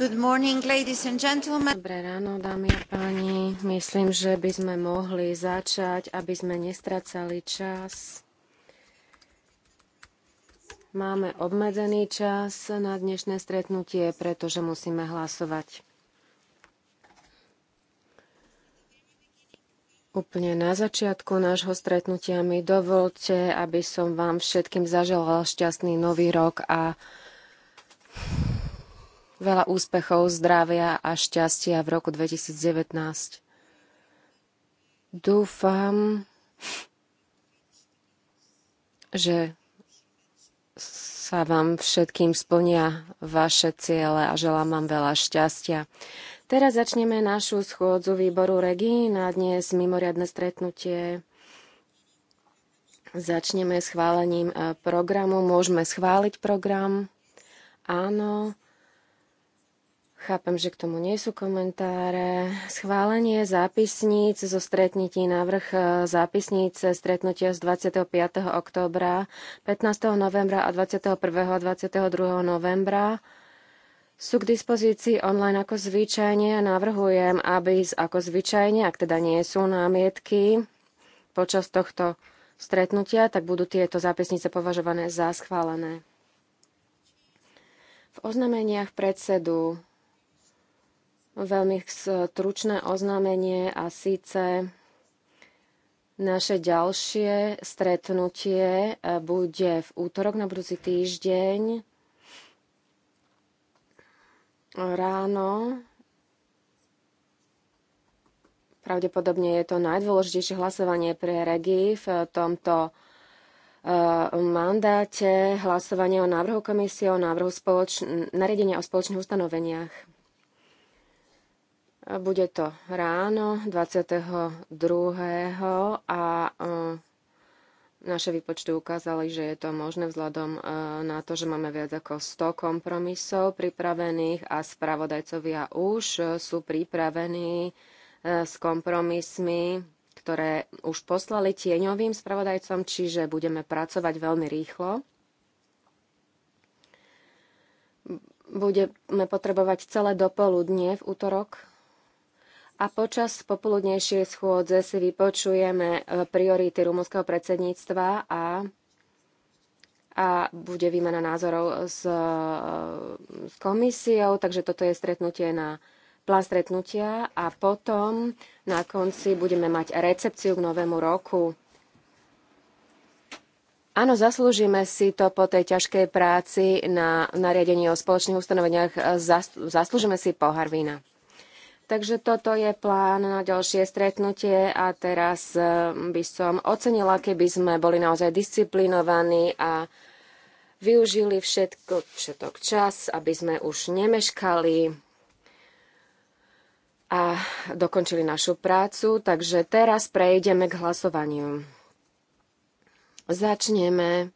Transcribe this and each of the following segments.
Dobré ráno, dámy a páni. Myslím, že by sme mohli začať, aby sme nestracali čas. Máme obmedzený čas na dnešné stretnutie, pretože musíme hlasovať. Úplne na začiatku nášho stretnutia mi dovolte, aby som vám všetkým zaželala šťastný nový rok a Veľa úspechov, zdravia a šťastia v roku 2019. Dúfam, že sa vám všetkým splnia vaše ciele a želám vám veľa šťastia. Teraz začneme našu schôdzu výboru Regi na dnes mimoriadne stretnutie. Začneme schválením eh, programu. Môžeme schváliť program? Áno. Chápem, že k tomu nie sú komentáre. Schválenie zápisníc zo stretnutí návrh e, zápisnice stretnutia z 25. októbra, 15. novembra a 21. a 22. novembra sú k dispozícii online ako zvyčajne a navrhujem, aby ako zvyčajne, ak teda nie sú námietky počas tohto stretnutia, tak budú tieto zápisnice považované za schválené. V oznameniach predsedu veľmi stručné oznámenie a síce naše ďalšie stretnutie e, bude v útorok na budúci týždeň ráno. Pravdepodobne je to najdôležitejšie hlasovanie pre Regi v tomto e, mandáte hlasovanie o návrhu komisie, o návrhu nariadenia o spoločných ustanoveniach. Bude to ráno 22. a e, naše výpočty ukázali, že je to možné vzhľadom e, na to, že máme viac ako 100 kompromisov pripravených a spravodajcovia už e, sú pripravení s kompromismi, ktoré už poslali tieňovým spravodajcom, čiže budeme pracovať veľmi rýchlo. Budeme potrebovať celé dopoludnie v útorok a počas popoludnejšej schôdze si vypočujeme e, priority rumunského predsedníctva a, a bude výmena názorov s, e, s komisiou, takže toto je stretnutie na plán stretnutia a potom na konci budeme mať recepciu k novému roku. Áno, zaslúžime si to po tej ťažkej práci na nariadení o spoločných ustanoveniach. Zaslúžime si pohár vína. Takže toto je plán na ďalšie stretnutie a teraz e, by som ocenila, keby sme boli naozaj disciplinovaní a využili všetko, všetok čas, aby sme už nemeškali a dokončili našu prácu. Takže teraz prejdeme k hlasovaniu. Začneme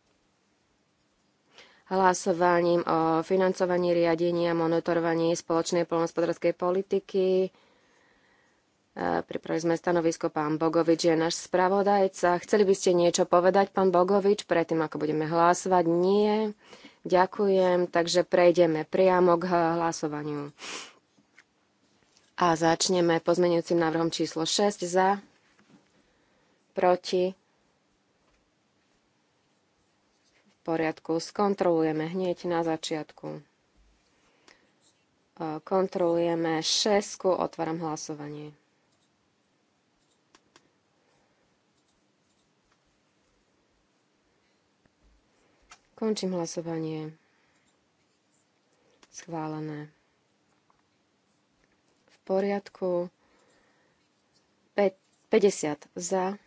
hlasovaním o financovaní riadení a monitorovaní spoločnej poľnohospodárskej politiky. E, pripravili sme stanovisko, pán Bogovič je náš spravodajca. Chceli by ste niečo povedať, pán Bogovič, predtým, ako budeme hlasovať? Nie. Ďakujem, takže prejdeme priamo k hlasovaniu. A začneme pozmenujúcim návrhom číslo 6 za, proti, poriadku, skontrolujeme hneď na začiatku. E, kontrolujeme šesku, otváram hlasovanie. Končím hlasovanie. Schválené. V poriadku. 50 za.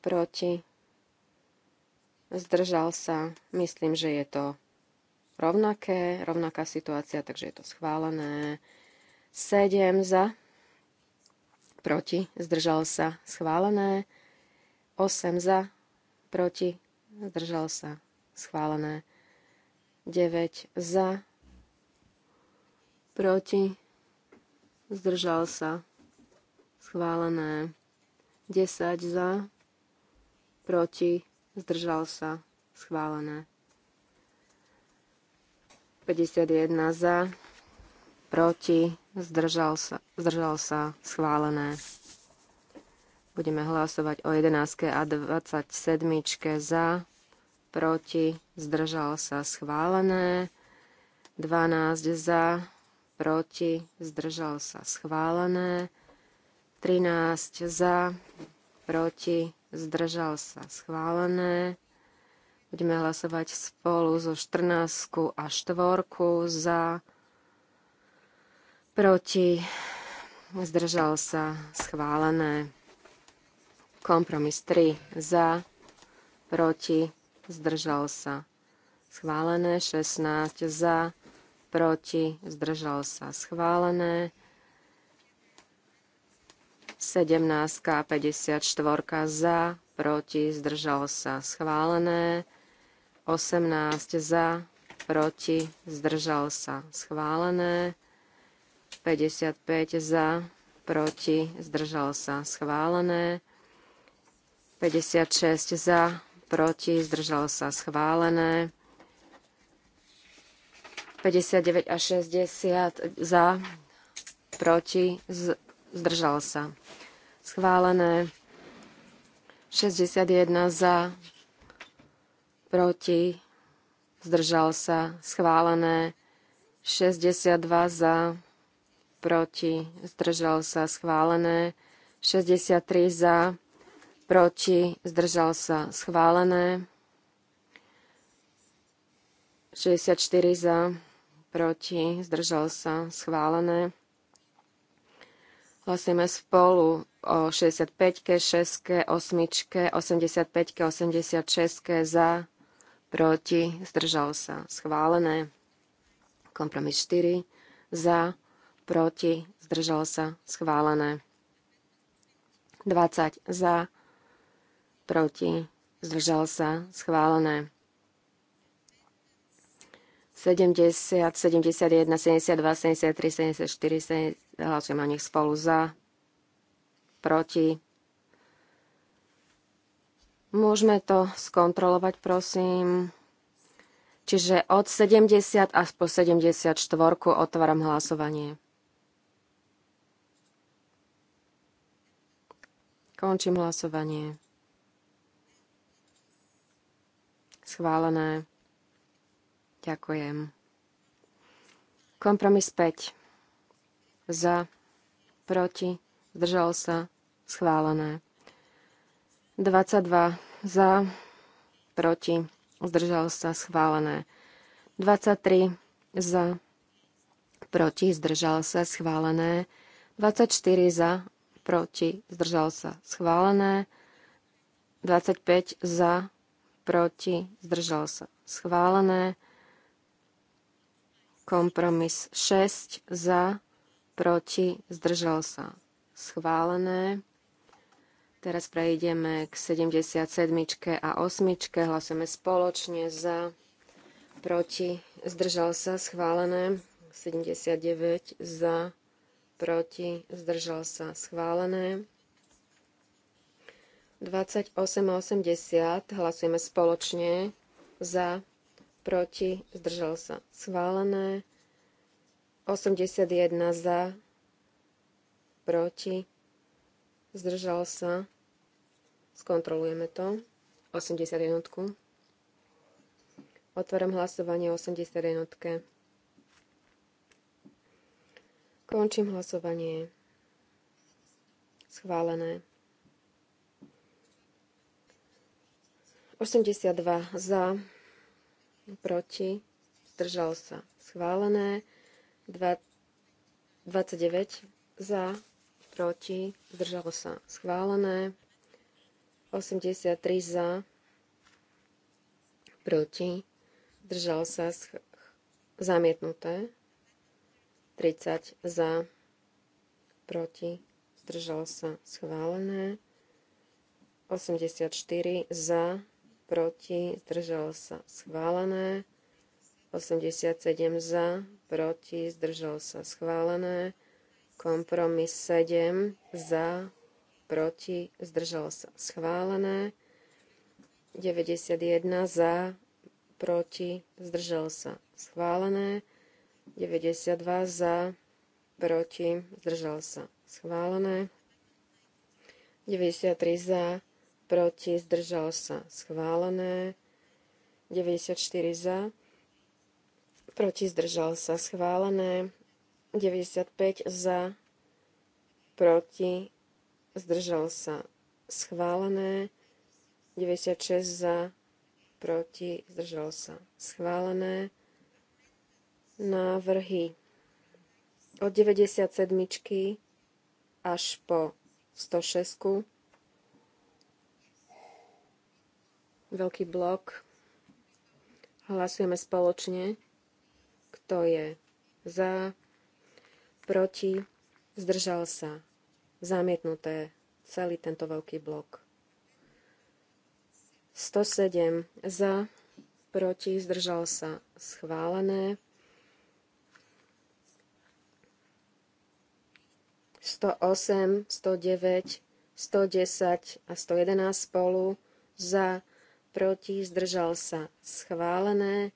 Proti zdržal sa. Myslím, že je to rovnaké, rovnaká situácia, takže je to schválené. 7 za, proti, zdržal sa, schválené. 8 za, proti, zdržal sa, schválené. 9 za, proti, zdržal sa, schválené. 10 za, proti, zdržal sa, schválené. 51 za, proti, zdržal sa, zdržal sa, schválené. Budeme hlasovať o 11. a 27. za, proti, zdržal sa, schválené. 12 za, proti, zdržal sa, schválené. 13 za, proti, zdržal sa schválené. Budeme hlasovať spolu zo 14 a 4 za, proti, zdržal sa schválené. Kompromis 3 za, proti, zdržal sa schválené. 16 za, proti, zdržal sa schválené. 17 a 54 za, proti, zdržalo sa schválené. 18 za, proti, zdržalo sa schválené. 55 za, proti, zdržal sa schválené. 56 za, proti, zdržalo sa schválené. 59 a 60 za, proti, zdržal sa. Schválené 61 za, proti, zdržal sa. Schválené 62 za, proti, zdržal sa. Schválené 63 za, proti, zdržal sa. Schválené 64 za, proti, zdržal sa. Schválené Hlasujeme spolu o 65-ke, 6-ke, 8-ke, 85-ke, 86-ke za, proti, zdržal sa. Schválené. Kompromis 4 za, proti, zdržal sa. Schválené. 20 za, proti, zdržal sa. Schválené. 70, 71, 72, 73, 74, hlasujem o nich spolu za, proti. Môžeme to skontrolovať, prosím. Čiže od 70 až po 74 otváram hlasovanie. Končím hlasovanie. Schválené. Ďakujem. Kompromis 5 za, proti, zdržal sa, schválené. 22 za, proti, zdržal sa, schválené. 23 za, proti, zdržal sa, schválené. 24 za, proti, zdržal sa, schválené. 25 za, proti, zdržal sa, schválené. Kompromis 6 za, proti, zdržal sa. Schválené. Teraz prejdeme k 77. a 8. Hlasujeme spoločne za, proti, zdržal sa, schválené. 79 za, proti, zdržal sa, schválené. 28 a 80 hlasujeme spoločne za, proti, zdržal sa, schválené. 81 za, proti, zdržal sa, skontrolujeme to, 81. Otváram hlasovanie 81. Končím hlasovanie. Schválené. 82 za, proti, zdržal sa. Schválené. 29 za, proti, zdržalo sa schválené. 83 za, proti, zdržalo sa zamietnuté. 30 za, proti, zdržalo sa schválené. 84 za, proti, zdržalo sa schválené. 87 za, proti, zdržal sa schválené. Kompromis 7 za, proti, zdržal sa schválené. 91 za, proti, zdržal sa schválené. 92 za, proti, zdržal sa schválené. 93 za, proti, zdržal sa schválené. 94 za, proti zdržal sa schválené, 95 za, proti zdržal sa schválené, 96 za, proti zdržal sa schválené, návrhy od 97 až po 106. Veľký blok. Hlasujeme spoločne kto je za, proti, zdržal sa, zamietnuté celý tento veľký blok. 107 za, proti, zdržal sa, schválené. 108, 109, 110 a 111 spolu za, proti, zdržal sa, schválené.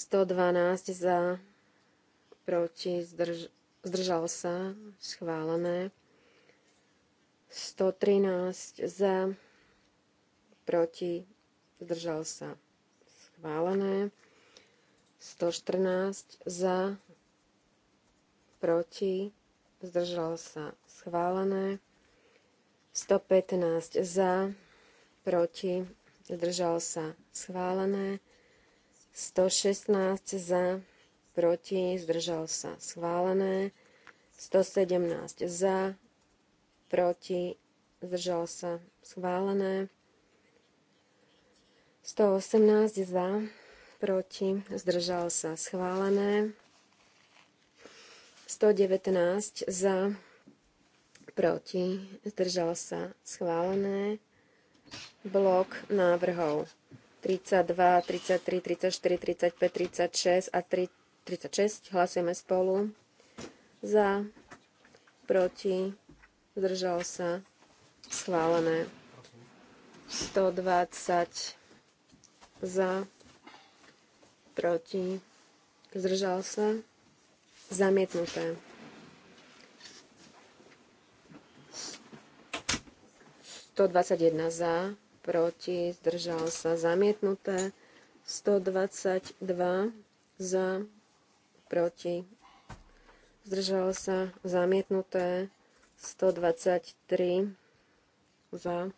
112 za, proti, zdrž, zdržal sa, schválené. 113 za, proti, zdržal sa, schválené. 114 za, proti, zdržal sa, schválené. 115 za, proti, zdržal sa, schválené. 116 za, proti, zdržal sa schválené, 117 za, proti, zdržal sa schválené, 118 za, proti, zdržal sa schválené, 119 za, proti, zdržal sa schválené, blok návrhov 32, 33, 34, 35, 36 a 3, 36. Hlasujeme spolu. Za, proti, zdržal sa, schválené. 120 za, proti, zdržal sa, zamietnuté. 121 za, proti, zdržal sa zamietnuté, 122 za, proti, zdržal sa zamietnuté, 123 za,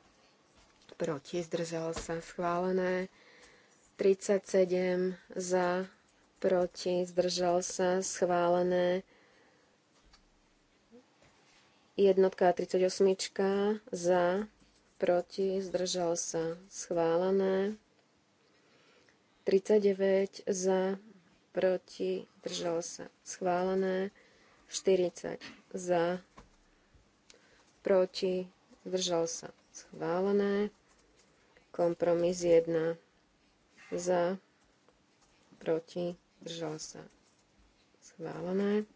proti, zdržal sa schválené, 37 za, proti, zdržal sa schválené, jednotka 38 za, proti, zdržal sa schválené. 39 za, proti, zdržal sa schválené. 40 za, proti, zdržal sa schválené. Kompromis 1 za, proti, zdržal sa schválené.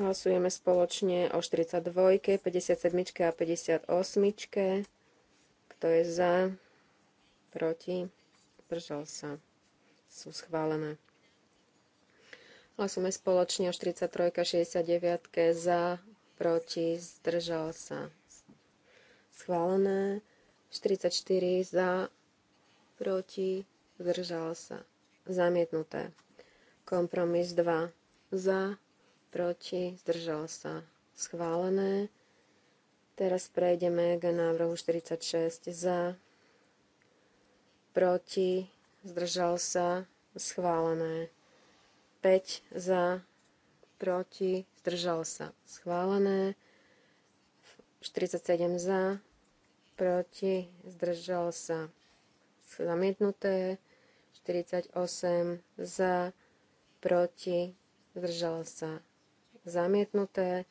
Hlasujeme spoločne o 42, 57 a 58. Kto je za? Proti? Držal sa. Sú schválené. Hlasujeme spoločne o 43, 69 za, proti, zdržal sa. Schválené. 44 za, proti, zdržal sa. Zamietnuté. Kompromis 2 za, proti, zdržal sa schválené. Teraz prejdeme k návrhu 46 za, proti, zdržal sa schválené. 5 za, proti, zdržal sa schválené. 47 za, proti, zdržal sa zamietnuté. 48 za, proti, zdržal sa zamietnuté,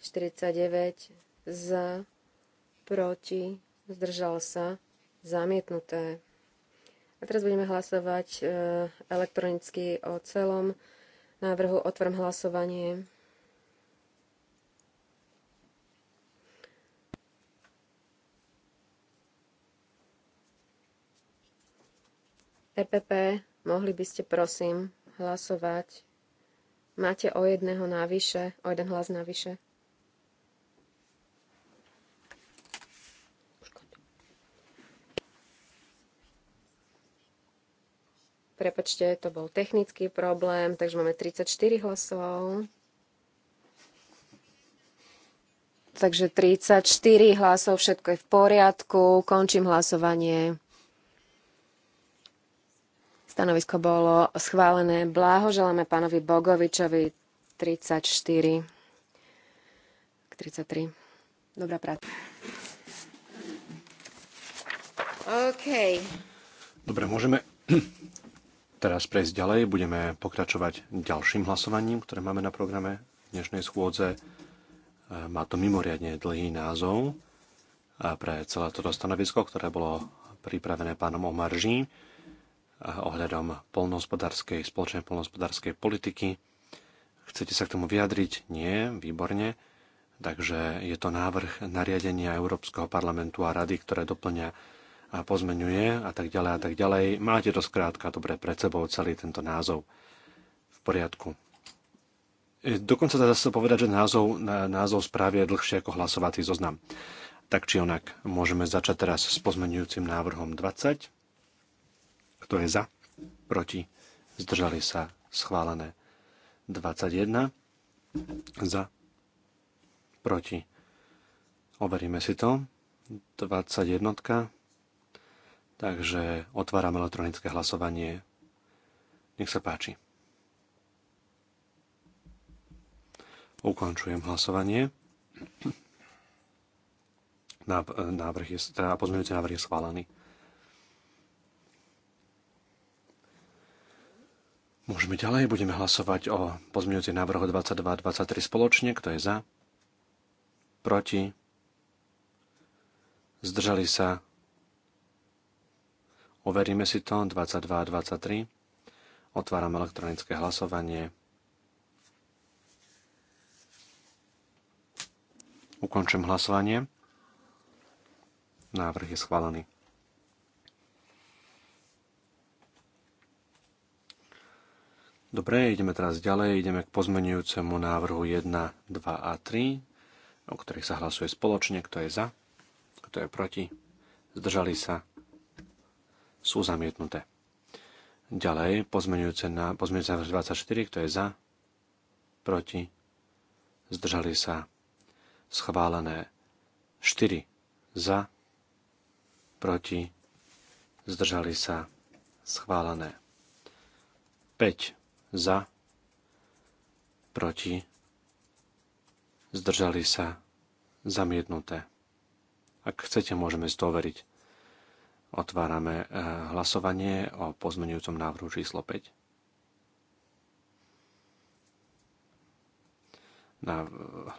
49 za, proti, zdržal sa, zamietnuté. A teraz budeme hlasovať e, elektronicky o celom návrhu. Otvorím hlasovanie. EPP, mohli by ste prosím hlasovať Máte o jedného navyše, o jeden hlas navyše. Prepačte, to bol technický problém, takže máme 34 hlasov. Takže 34 hlasov, všetko je v poriadku. Končím hlasovanie. Stanovisko bolo schválené. Blahoželáme pánovi Bogovičovi 34 33. Dobrá práca. OK. Dobre, môžeme teraz prejsť ďalej. Budeme pokračovať ďalším hlasovaním, ktoré máme na programe dnešnej schôdze. E, má to mimoriadne dlhý názov pre celé toto stanovisko, ktoré bolo pripravené pánom Omaržím Eh, ohľadom polnohospodárskej, spoločnej polnohospodárskej politiky. Chcete sa k tomu vyjadriť? Nie, výborne. Takže je to návrh nariadenia Európskeho parlamentu a rady, ktoré doplňa a pozmenuje a tak ďalej a tak ďalej. Máte to skrátka dobre pred sebou celý tento názov. V poriadku. E, dokonca dá sa povedať, že názov, názov správy je dlhšie ako hlasovací zoznam. Tak či onak, môžeme začať teraz s pozmenujúcim návrhom 20. Kto je za? Proti? Zdržali sa? Schválené. 21. Za? Proti? Overíme si to. 21. Takže otváram elektronické hlasovanie. Nech sa páči. Ukončujem hlasovanie. Návrh je, teda pozmeňujúci návrh je schválený. Môžeme ďalej, budeme hlasovať o pozmeňujúcich návrhu 22 23 spoločne. Kto je za? Proti? Zdržali sa? Overíme si to. 22 23. Otváram elektronické hlasovanie. Ukončím hlasovanie. Návrh je schválený. Dobre, ideme teraz ďalej, ideme k pozmenujúcemu návrhu 1, 2 a 3, o ktorých sa hlasuje spoločne, kto je za, kto je proti, zdržali sa, sú zamietnuté. Ďalej, pozmenujúce na pozmenujúce návrh 24, kto je za, proti, zdržali sa, schválené 4 za, proti, zdržali sa, schválené 5 za, proti, zdržali sa, zamietnuté. Ak chcete, môžeme zdoveriť. Otvárame eh, hlasovanie o pozmenujúcom návrhu číslo 5. Na eh,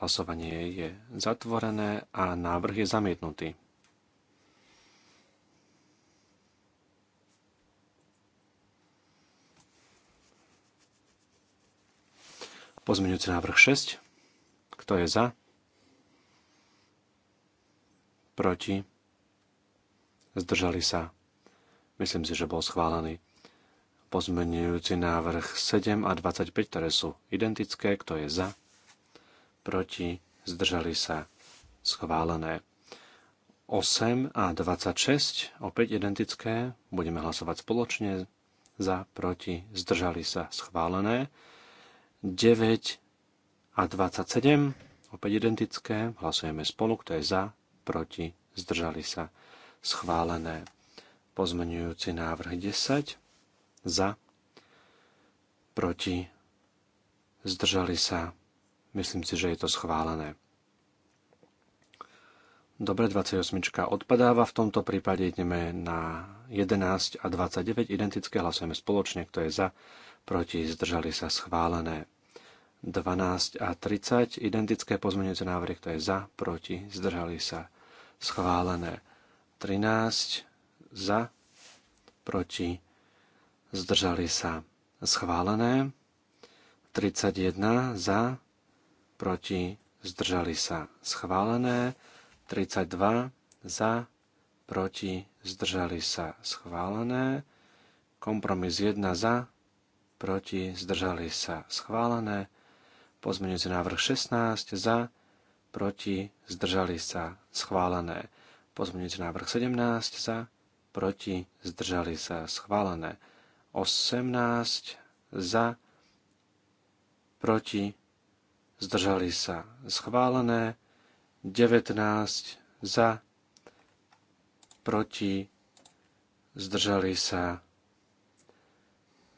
hlasovanie je zatvorené a návrh je zamietnutý. Pozmeňujúci návrh 6. Kto je za? Proti? Zdržali sa. Myslím si, že bol schválený. Pozmenujúci návrh 7 a 25, ktoré sú identické. Kto je za? Proti? Zdržali sa. Schválené. 8 a 26, opäť identické. Budeme hlasovať spoločne. Za, proti, zdržali sa. Schválené. 9 a 27, opäť identické, hlasujeme spolu, kto je za, proti, zdržali sa, schválené. Pozmenujúci návrh 10, za, proti, zdržali sa, myslím si, že je to schválené. Dobre, 28 odpadáva. V tomto prípade ideme na 11 a 29 identické. Hlasujeme spoločne, kto je za, proti, zdržali sa schválené. 12 a 30 identické pozmeňujúce návrhy, kto je za, proti, zdržali sa schválené. 13 za, proti, zdržali sa schválené. 31 za, proti, zdržali sa schválené. 32 za, proti, zdržali sa schválené. Kompromis 1 za, proti, zdržali sa schválené. Pozmeňujúci návrh 16 za, proti, zdržali sa schválené. Pozmeňujúci návrh 17 za, proti, zdržali sa schválené. 18 za, proti, zdržali sa schválené. 19 za, proti, zdržali sa,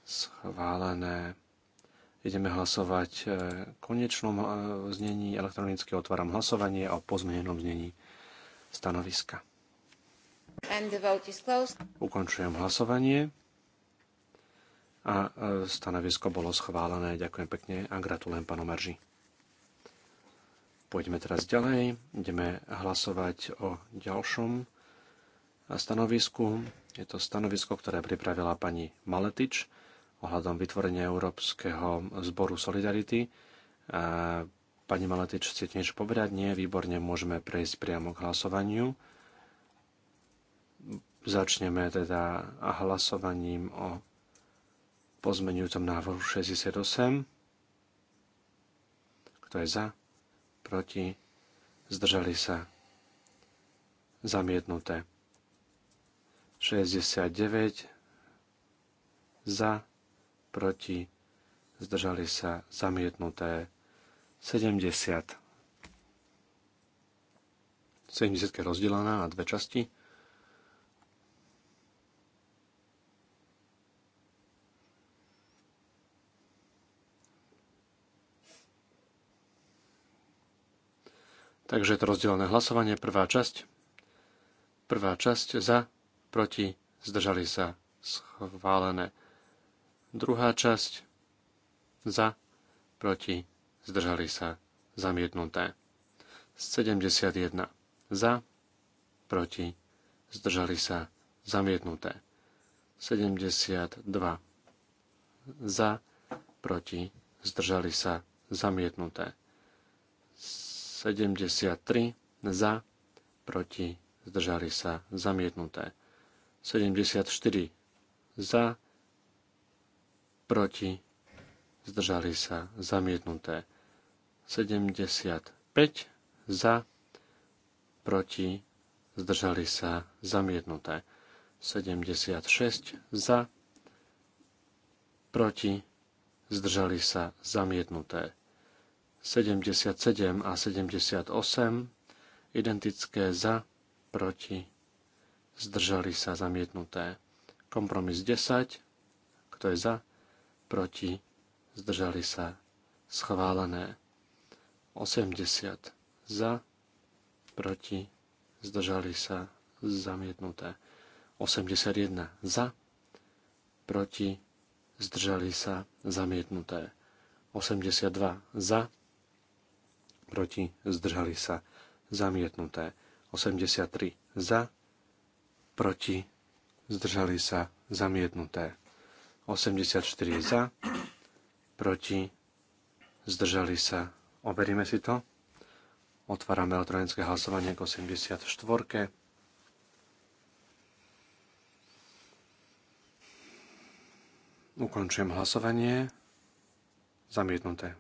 schválené. Ideme hlasovať e, konečnom e, znení elektronicky. Otváram hlasovanie o pozmenenom znení stanoviska. Ukončujem hlasovanie a e, stanovisko bolo schválené. Ďakujem pekne a gratulujem panu Merži. Poďme teraz ďalej. Ideme hlasovať o ďalšom stanovisku. Je to stanovisko, ktoré pripravila pani Maletič ohľadom vytvorenia Európskeho zboru Solidarity. Pani Maletič, chcete niečo povedať? Nie, výborne, môžeme prejsť priamo k hlasovaniu. Začneme teda hlasovaním o pozmenujúcom návrhu 68. Kto je za? proti, zdržali sa, zamietnuté. 69 za, proti, zdržali sa, zamietnuté. 70. 70 je rozdelená na dve časti. Takže je to rozdelené hlasovanie. Prvá časť. Prvá časť za, proti, zdržali sa, schválené. Druhá časť za, proti, zdržali sa, zamietnuté. 71 za, proti, zdržali sa, zamietnuté. 72 za, proti, zdržali sa, zamietnuté. 73 za, proti, zdržali sa, zamietnuté. 74 za, proti, zdržali sa, zamietnuté. 75 za, proti, zdržali sa, zamietnuté. 76 za, proti, zdržali sa, zamietnuté. 77 a 78, identické za, proti, zdržali sa zamietnuté. Kompromis 10, kto je za, proti, zdržali sa schválené. 80 za, proti, zdržali sa zamietnuté. 81 za, proti, zdržali sa zamietnuté. 82 za, proti, zdržali sa, zamietnuté. 83 za, proti, zdržali sa, zamietnuté. 84 za, proti, zdržali sa. Overíme si to. Otvárame elektronické hlasovanie k 84. Ukončujem hlasovanie. Zamietnuté.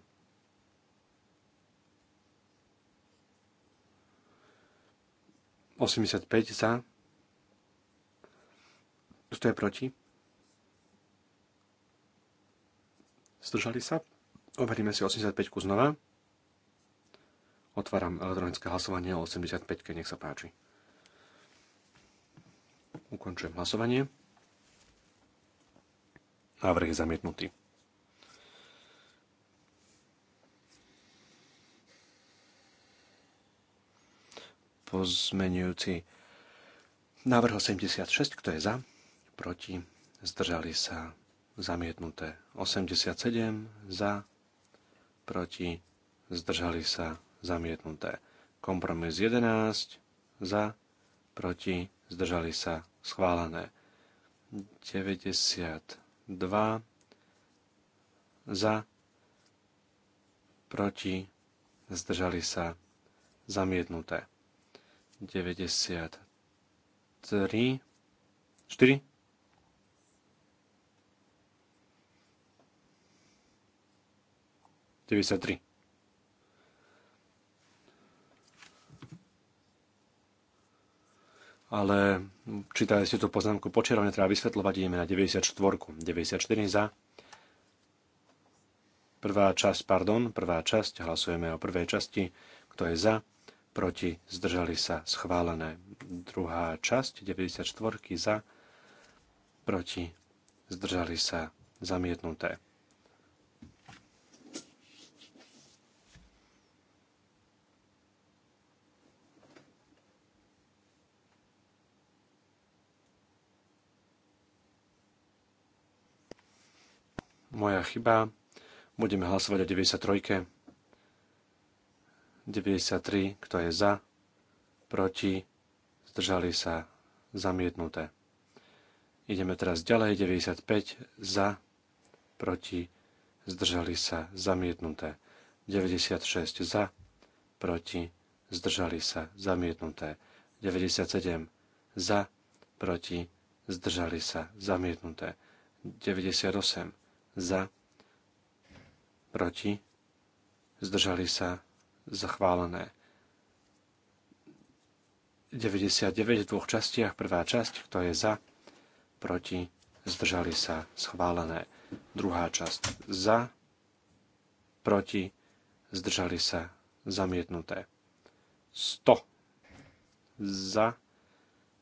85 za. Kto je proti? Zdržali sa? Overíme si 85 znova. Otváram elektronické hlasovanie o 85, keď nech sa páči. Ukončujem hlasovanie. Návrh je zamietnutý. Pozmenujúci návrh 86, kto je za? Proti? Zdržali sa? Zamietnuté. 87 za? Proti? Zdržali sa? Zamietnuté. Kompromis 11 za? Proti? Zdržali sa? Schválené. 92 za, proti, zdržali sa, zamietnuté. 93, 4, Deväťdesiattri. ale čítali ste tú poznámku počiarovne, treba vysvetľovať, ideme na 94. 94 za. Prvá časť, pardon, prvá časť, hlasujeme o prvej časti, kto je za, proti, zdržali sa, schválené. Druhá časť, 94 za, proti, zdržali sa, zamietnuté. Moja chyba. Budeme hlasovať o 93. 93, kto je za, proti, zdržali sa, zamietnuté. Ideme teraz ďalej, 95, za, proti, zdržali sa, zamietnuté. 96, za, proti, zdržali sa, zamietnuté. 97, za, proti, zdržali sa, zamietnuté. 98, za, proti, zdržali sa, zachválené. 99 v dvoch častiach, prvá časť, kto je za, proti, zdržali sa, schválené. Druhá časť, za, proti, zdržali sa, zamietnuté. 100 za,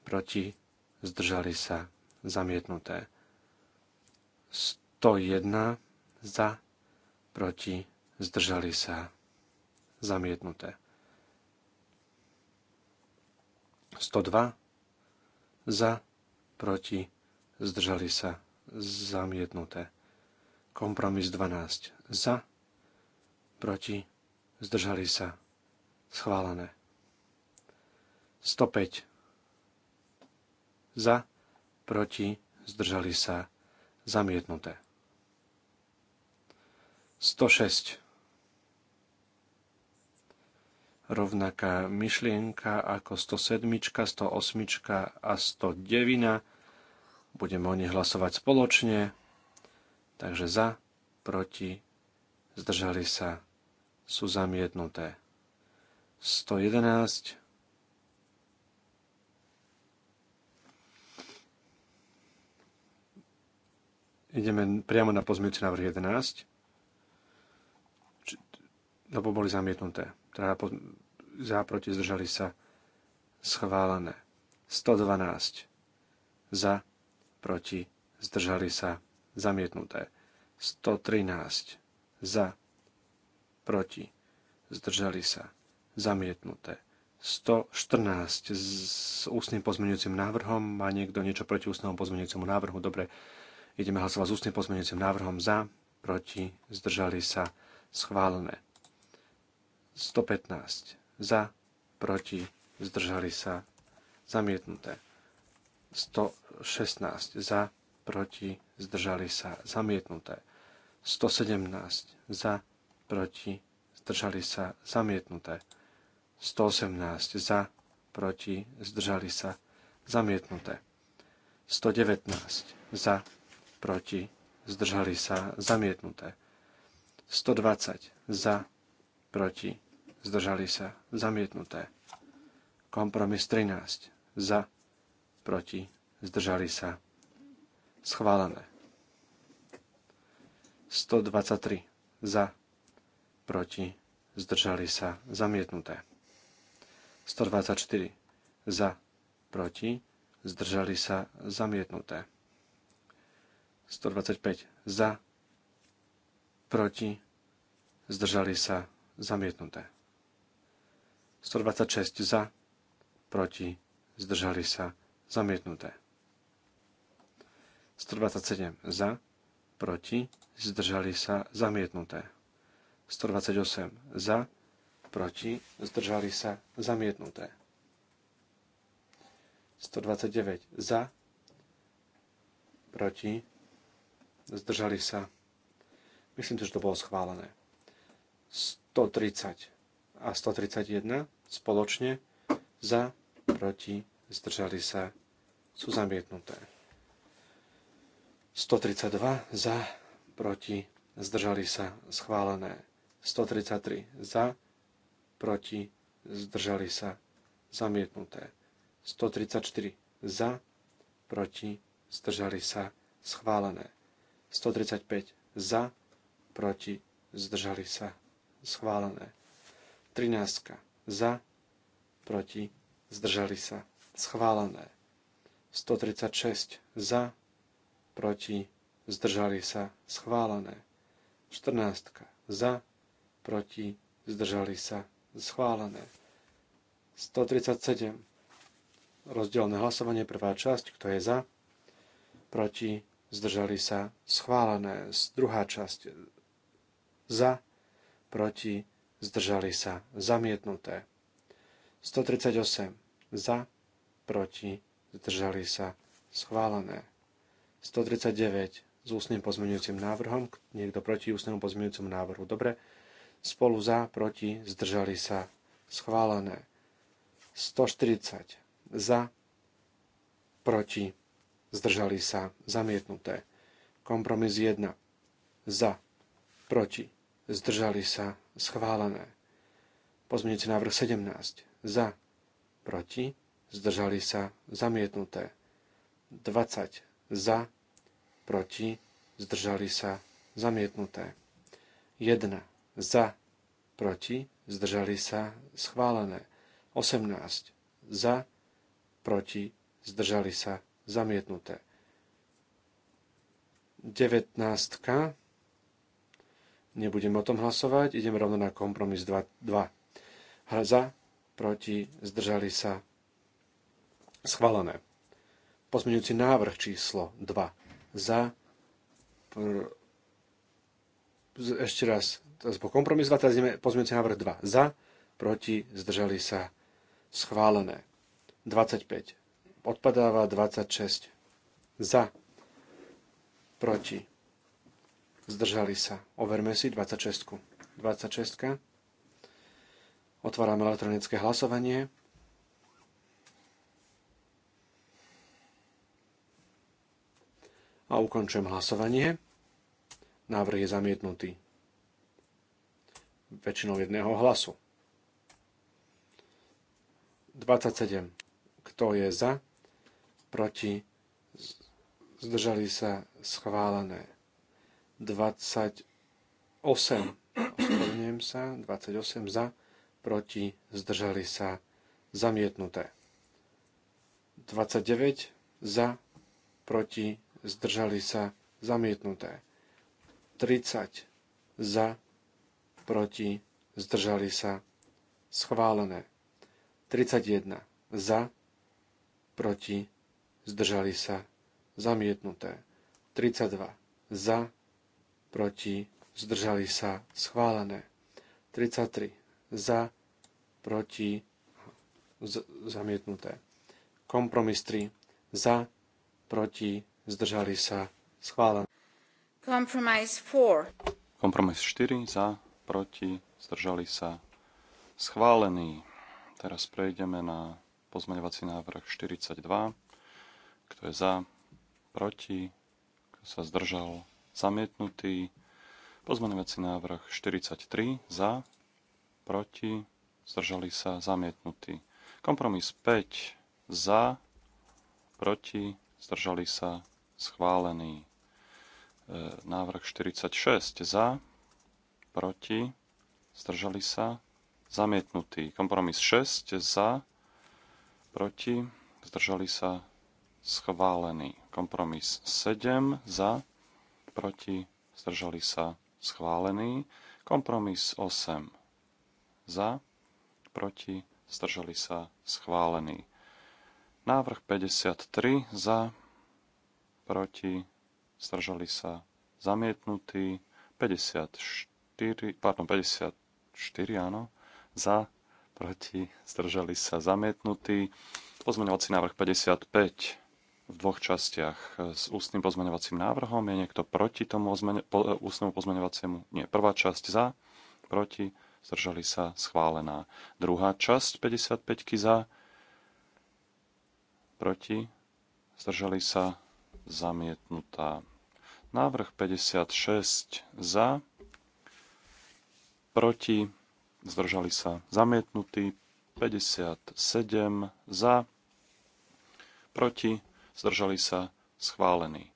proti, zdržali sa, zamietnuté. 101 za, proti, zdržali sa, zamietnuté. 102 za, proti, zdržali sa, zamietnuté. Kompromis 12 za, proti, zdržali sa, schválené. 105 za, proti, zdržali sa, zamietnuté. 106 rovnaká myšlienka ako 107, 108 a 109. Budeme o nich hlasovať spoločne. Takže za, proti, zdržali sa, sú zamietnuté. 111, Ideme priamo na pozmeňujúci návrh 11, lebo boli zamietnuté teda po proti, zdržali sa, schválené. 112 za, proti, zdržali sa, zamietnuté. 113 za, proti, zdržali sa, zamietnuté. 114 s ústnym pozmeňujúcim návrhom. Má niekto niečo proti ústnemu pozmeňujúcemu návrhu? Dobre, ideme hlasovať s ústnym pozmeňujúcim návrhom za, proti, zdržali sa, schválené. 115. Za, proti, zdržali sa, zamietnuté. 116. Za, proti, zdržali sa, zamietnuté. 117. Za, proti, zdržali sa, zamietnuté. 118. Za, proti, zdržali sa, zamietnuté. 119. Za, proti, zdržali sa, zamietnuté. 120. Za, proti, zdržali sa, zamietnuté. Kompromis 13, za, proti, zdržali sa, schválené. 123, za, proti, zdržali sa, zamietnuté. 124, za, proti, zdržali sa, zamietnuté. 125, za, proti, zdržali sa, zamietnuté. 126 za, proti, zdržali sa, zamietnuté. 127 za, proti, zdržali sa, zamietnuté. 128 za, proti, zdržali sa, zamietnuté. 129 za, proti, zdržali sa. Myslím že to bolo schválené. 130 a 131 spoločne za, proti, zdržali sa, sú zamietnuté. 132 za, proti, zdržali sa, schválené. 133 za, proti, zdržali sa, zamietnuté. 134 za, proti, zdržali sa, schválené. 135 za, proti, zdržali sa, schválené. 13. Za, proti, zdržali sa, schválené. 136. Za, proti, zdržali sa, schválené. 14. Za, proti, zdržali sa, schválené. 137. Rozdielne hlasovanie, prvá časť, kto je za, proti, zdržali sa, schválené. Druhá časť, za, proti, zdržali sa, zamietnuté. 138 za, proti, zdržali sa, schválené. 139 s ústnym pozmeňujúcim návrhom, niekto proti ústnemu pozmeňujúcemu návrhu, dobre. Spolu za, proti, zdržali sa, schválené. 140 za, proti, zdržali sa, zamietnuté. Kompromis 1 za, proti, zdržali sa, schválené. Pozmeňujúci návrh 17, za, proti, zdržali sa, zamietnuté. 20, za, proti, zdržali sa, zamietnuté. 1, za, proti, zdržali sa, schválené. 18, za, proti, zdržali sa, zamietnuté. 19 Nebudem o tom hlasovať, ideme rovno na kompromis 2. 2. Za, proti, zdržali sa. Schválené. Pozmeňujúci návrh číslo 2. Za, pr... ešte raz, teraz po kompromis 2, teraz ideme pozmeňujúci návrh 2. Za, proti, zdržali sa. Schválené. 25. Odpadáva 26. Za, proti, zdržali sa. Overme si 26. 26. Otváram elektronické hlasovanie. A ukončujem hlasovanie. Návrh je zamietnutý. Väčšinou jedného hlasu. 27. Kto je za? Proti? Zdržali sa schválené. 28, ospravedlňujem sa, 28 za, proti, zdržali sa, zamietnuté. 29 za, proti, zdržali sa, zamietnuté. 30 za, proti, zdržali sa, schválené. 31 za, proti, zdržali sa, zamietnuté. 32 za, proti, zdržali sa, schválené. 33 za, proti, z, zamietnuté. Kompromis 3 za, proti, zdržali sa, schválené. Kompromis 4. Kompromis 4 za, proti, zdržali sa, schválený. Teraz prejdeme na pozmeňovací návrh 42. Kto je za, proti, kto sa zdržal, zamietnutý. Pozmenovací návrh 43 za, proti, zdržali sa, zamietnutý. Kompromis 5 za, proti, zdržali sa, schválený. E, návrh 46 za, proti, zdržali sa, zamietnutý. Kompromis 6 za, proti, zdržali sa, schválený. Kompromis 7 za, proti, zdržali sa, schválený. Kompromis 8 za, proti, zdržali sa, schválený. Návrh 53 za, proti, zdržali sa, zamietnutý. 54, pardon, 54, áno, za, proti, zdržali sa, zamietnutý. Pozmeňovací návrh 55 v dvoch častiach s ústnym pozmeňovacím návrhom. Je niekto proti tomu ozmene, po, ústnemu pozmeňovaciemu? Nie. Prvá časť za, proti, zdržali sa, schválená. Druhá časť 55 za, proti, zdržali sa, zamietnutá. Návrh 56 za, proti, zdržali sa, zamietnutý. 57 za, proti, zdržali sa, schválený.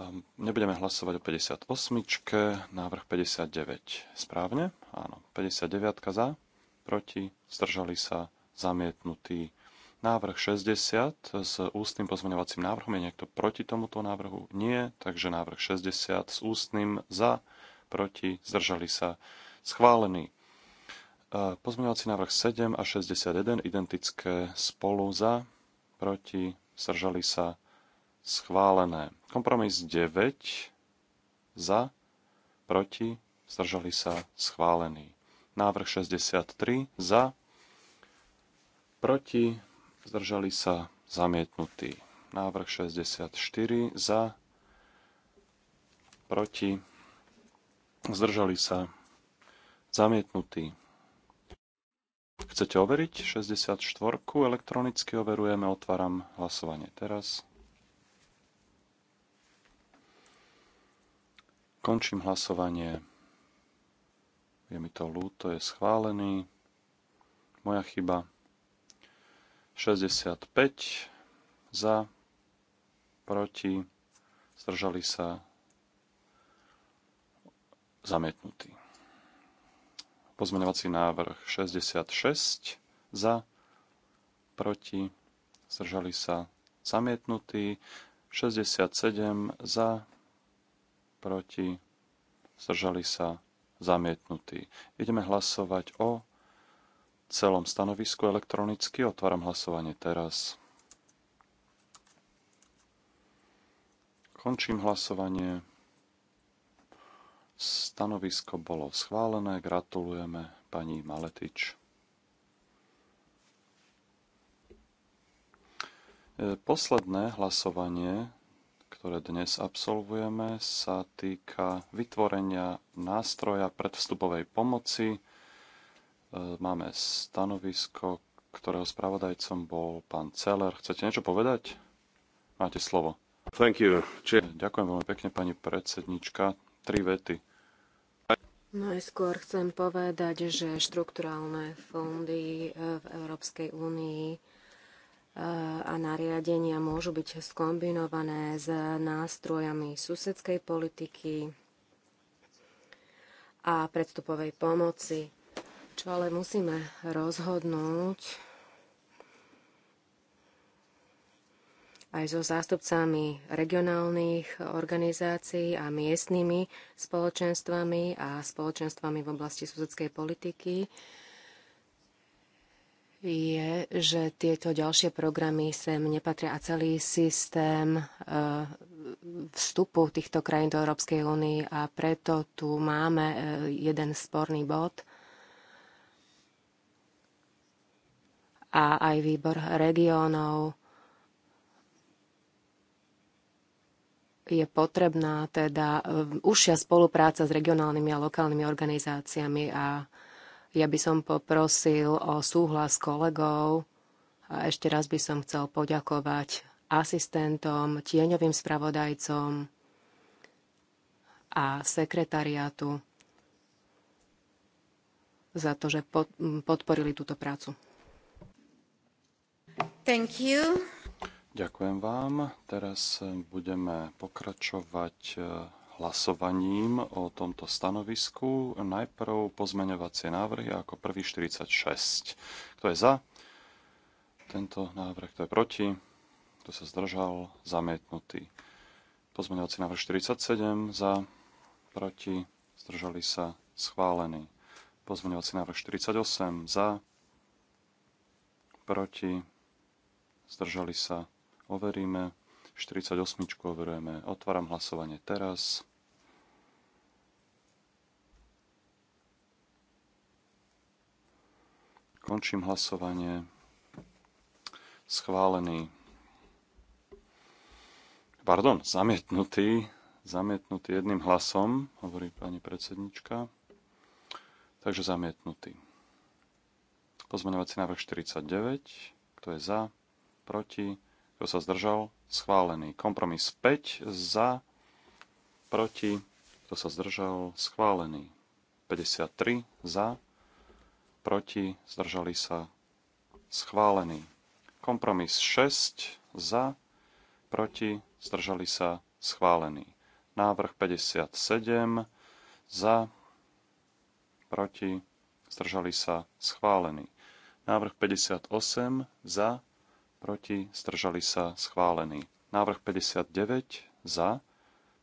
Ehm, nebudeme hlasovať o 58. Návrh 59. Správne? Áno. 59. za. Proti. Zdržali sa. Zamietnutý. Návrh 60 s ústnym pozmeňovacím návrhom. Je niekto proti tomuto návrhu? Nie. Takže návrh 60 s ústnym za. Proti. Zdržali sa. Schválený. Ehm, pozmeňovací návrh 7 a 61 identické spolu za. Proti zdržali sa, schválené. Kompromis 9 za, proti, zdržali sa, schválený. Návrh 63 za, proti, zdržali sa, zamietnutý. Návrh 64 za, proti, zdržali sa, zamietnutý. Chcete overiť 64? Elektronicky overujeme, otváram hlasovanie teraz. Končím hlasovanie. Je mi to ľúto, je schválený. Moja chyba. 65 za, proti, zdržali sa, zamietnutí. Pozmeňovací návrh 66 za, proti, zdržali sa zamietnutí. 67 za, proti, zdržali sa zamietnutí. Ideme hlasovať o celom stanovisku elektronicky. Otváram hlasovanie teraz. Končím hlasovanie. Stanovisko bolo schválené. Gratulujeme pani Maletič. E, posledné hlasovanie, ktoré dnes absolvujeme, sa týka vytvorenia nástroja predvstupovej pomoci. E, máme stanovisko, ktorého spravodajcom bol pán Celer. Chcete niečo povedať? Máte slovo. Ďakujem veľmi pekne, pani predsednička. Tri vety Najskôr chcem povedať, že štrukturálne fondy eh, v Európskej únii eh, a nariadenia môžu byť skombinované s nástrojami susedskej politiky a predstupovej pomoci, čo ale musíme rozhodnúť aj so zástupcami regionálnych organizácií a miestnymi spoločenstvami a spoločenstvami v oblasti susedskej politiky je, že tieto ďalšie programy sem nepatria a celý systém e, vstupu týchto krajín do Európskej únie a preto tu máme e, jeden sporný bod a aj výbor regiónov je potrebná teda eh, užšia spolupráca s regionálnymi a lokálnymi organizáciami a ja by som poprosil o súhlas kolegov a ešte raz by som chcel poďakovať asistentom, tieňovým spravodajcom a sekretariátu za to, že podporili túto prácu. Thank you. Ďakujem vám. Teraz budeme pokračovať eh, hlasovaním o tomto stanovisku. Najprv pozmeňovacie návrhy ako prvý 46. Kto je za tento návrh, kto je proti, kto sa zdržal, zamietnutý. Pozmeňovací návrh 47 za, proti, zdržali sa, schválený. Pozmeňovací návrh 48 za, proti, zdržali sa, overíme. 48 overujeme. Otváram hlasovanie teraz. Končím hlasovanie. Schválený. Pardon, zamietnutý. Zamietnutý jedným hlasom, hovorí pani predsednička. Takže zamietnutý. Pozmeňovací návrh 49. Kto je za? Proti? Kto sa zdržal? Schválený. Kompromis 5 za, proti. Kto sa zdržal? Schválený. 53 za, proti. Zdržali sa. Schválený. Kompromis 6 za, proti. Zdržali sa. Schválený. Návrh 57 za, proti, zdržali sa, schválený. Návrh 58 za, proti, zdržali sa, schválený. Návrh 59 za,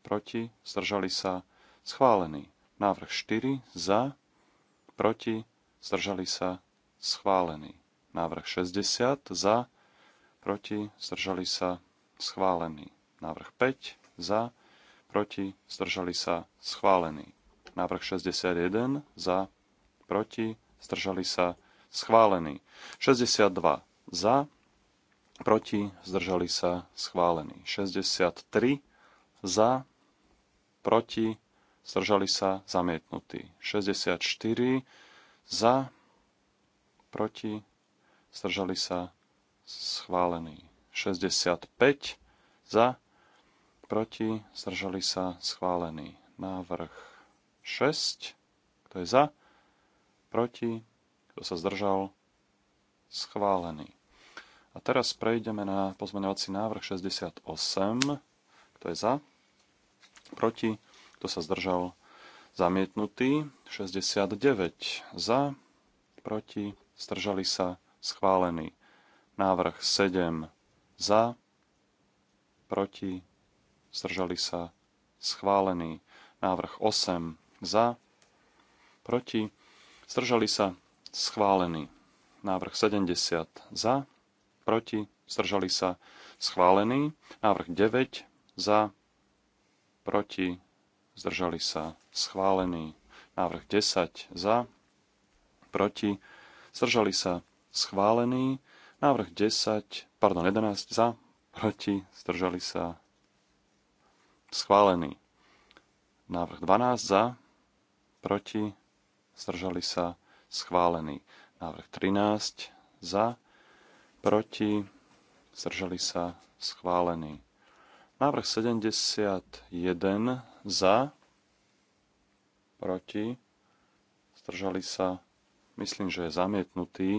proti, zdržali sa, schválený. Návrh 4 za, proti, zdržali sa, schválený. Návrh 60 za, proti, zdržali sa, schválený. Návrh 5 za, proti, zdržali sa, schválený. Návrh 61 za, proti, zdržali sa, schválený. 62 za, proti, zdržali sa, schválený. 63 za, proti, zdržali sa, zamietnutí. 64 za, proti, zdržali sa, schválený. 65 za, proti, zdržali sa, schválený. Návrh 6, kto je za, proti, kto sa zdržal, schválený. A teraz prejdeme na pozmeňovací návrh 68. Kto je za? Proti? Kto sa zdržal? Zamietnutý. 69 za. Proti? Zdržali sa? Schválený. Návrh 7 za. Proti? Zdržali sa? Schválený. Návrh 8 za. Proti? Zdržali sa? Schválený. Návrh 70 za proti, zdržali sa schválený. Návrh 9 za, proti, zdržali sa schválený. Návrh 10 za, proti, zdržali sa schválený. Návrh 10, pardon, 11 za, proti, zdržali sa schválený. Návrh 12 za, proti, zdržali sa schválený. Návrh 13 za, proti, zdržali sa schválený. Návrh 71 za, proti, zdržali sa, myslím, že je zamietnutý,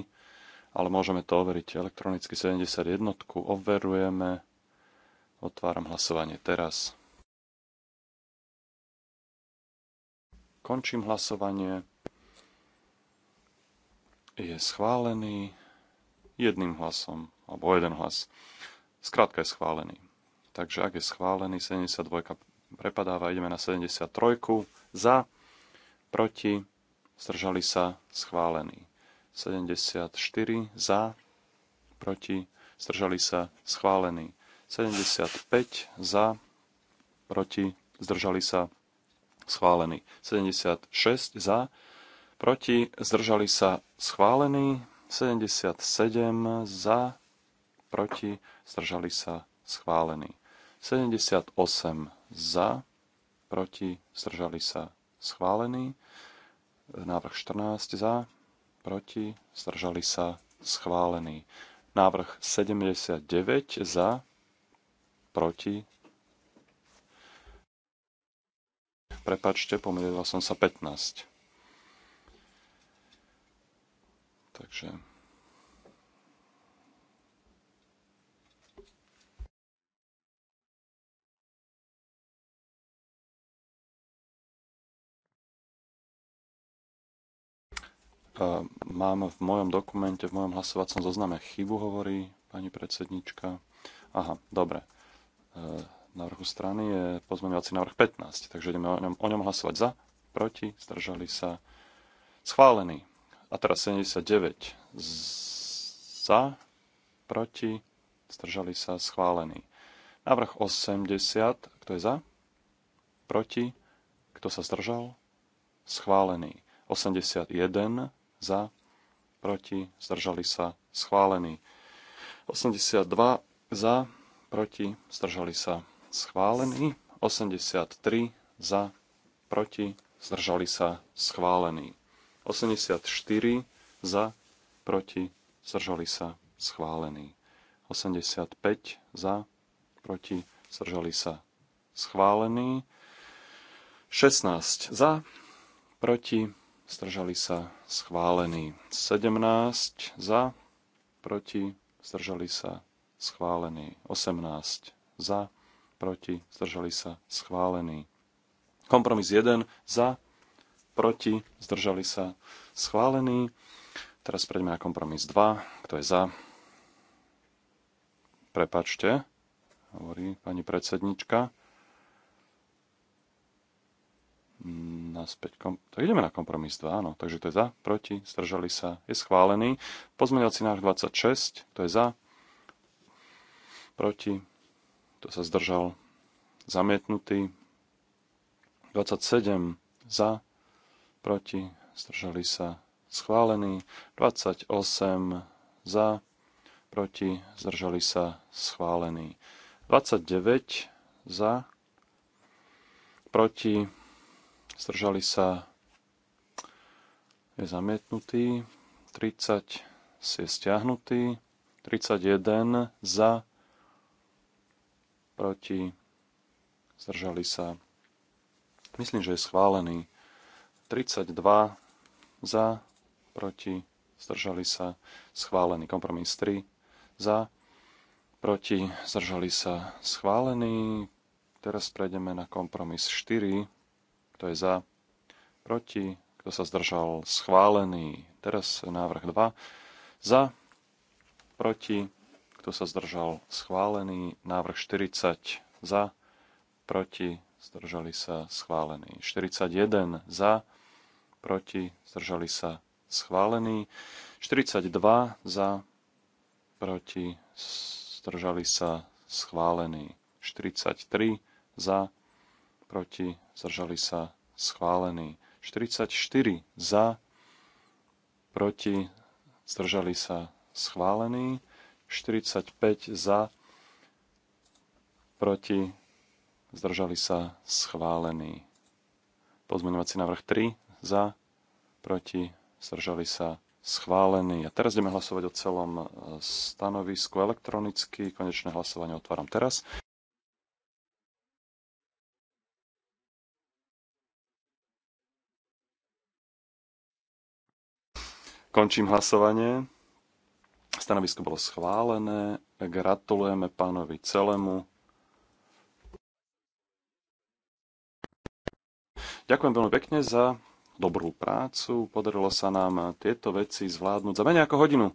ale môžeme to overiť elektronicky 71, overujeme, otváram hlasovanie teraz. Končím hlasovanie. Je schválený jedným hlasom, alebo jeden hlas. Skrátka je schválený. Takže ak je schválený, 72 prepadáva, ideme na 73 za, proti, zdržali sa, schválený. 74 za, proti, zdržali sa, schválený. 75 za, proti, zdržali sa, schválený. 76 za, proti, zdržali sa, schválený. 77 za, proti, zdržali sa, schválený. 78 za, proti, zdržali sa, schválený. Návrh 14 za, proti, zdržali sa, schválený. Návrh 79 za, proti. Prepačte, pomýlila som sa 15. Takže Mám v mojom dokumente, v mojom hlasovacom zozname chybu, hovorí pani predsednička. Aha, dobre. E, na vrchu strany je pozmeňovací návrh 15, takže ideme o ňom, o ňom hlasovať za, proti, zdržali sa, schválený. A teraz 79 za, proti, zdržali sa, schválený. Návrh 80, kto je za? Proti, kto sa zdržal? Schválený. 81 za, proti, zdržali sa, schválený. 82 za, proti, zdržali sa, schválený. 83 za, proti, zdržali sa, schválený. 84 za, proti, zdržali sa, schválený. 85 za, proti, zdržali sa, schválený. 16 za, proti, zdržali sa, schválený. 17 za, proti, zdržali sa, schválený. 18 za, proti, zdržali sa, schválený. Kompromis 1 za, proti, zdržali sa, schválený. Teraz prejdeme na kompromis 2, kto je za. Prepačte, hovorí pani predsednička. Naspäť kom... Tak ideme na kompromis 2, áno. Takže to je za, proti, zdržali sa, je schválený. Pozmeňovací návrh 26, to je za, proti, to sa zdržal, zamietnutý. 27 za, proti, zdržali sa schválený, 28 za, proti, zdržali sa schválený, 29 za, proti, zdržali sa je zamietnutý, 30 je stiahnutý, 31 za, proti, zdržali sa. Myslím, že je schválený. 32 za, proti, zdržali sa, schválený. Kompromis 3 za, proti, zdržali sa, schválený. Teraz prejdeme na kompromis 4, kto je za, proti, kto sa zdržal, schválený. Teraz návrh 2 za, proti, kto sa zdržal, schválený. Návrh 40 za, proti, zdržali sa, schválený. 41 za, proti, proti, zdržali sa schválený. 42 za, proti, zdržali sa schválený. 43 za, proti, zdržali sa schválený. 44 za, proti, zdržali sa schválený. 45 za, proti, zdržali sa schválený. Pozmeňovací návrh 3 za, proti, zdržali sa schválený. A teraz ideme hlasovať o celom e, stanovisku elektronicky. Konečné hlasovanie otváram teraz. Končím hlasovanie. Stanovisko bolo schválené. Gratulujeme pánovi celému. Ďakujem veľmi pekne za dobrú prácu. Podarilo sa nám tieto veci zvládnuť za menej ako hodinu.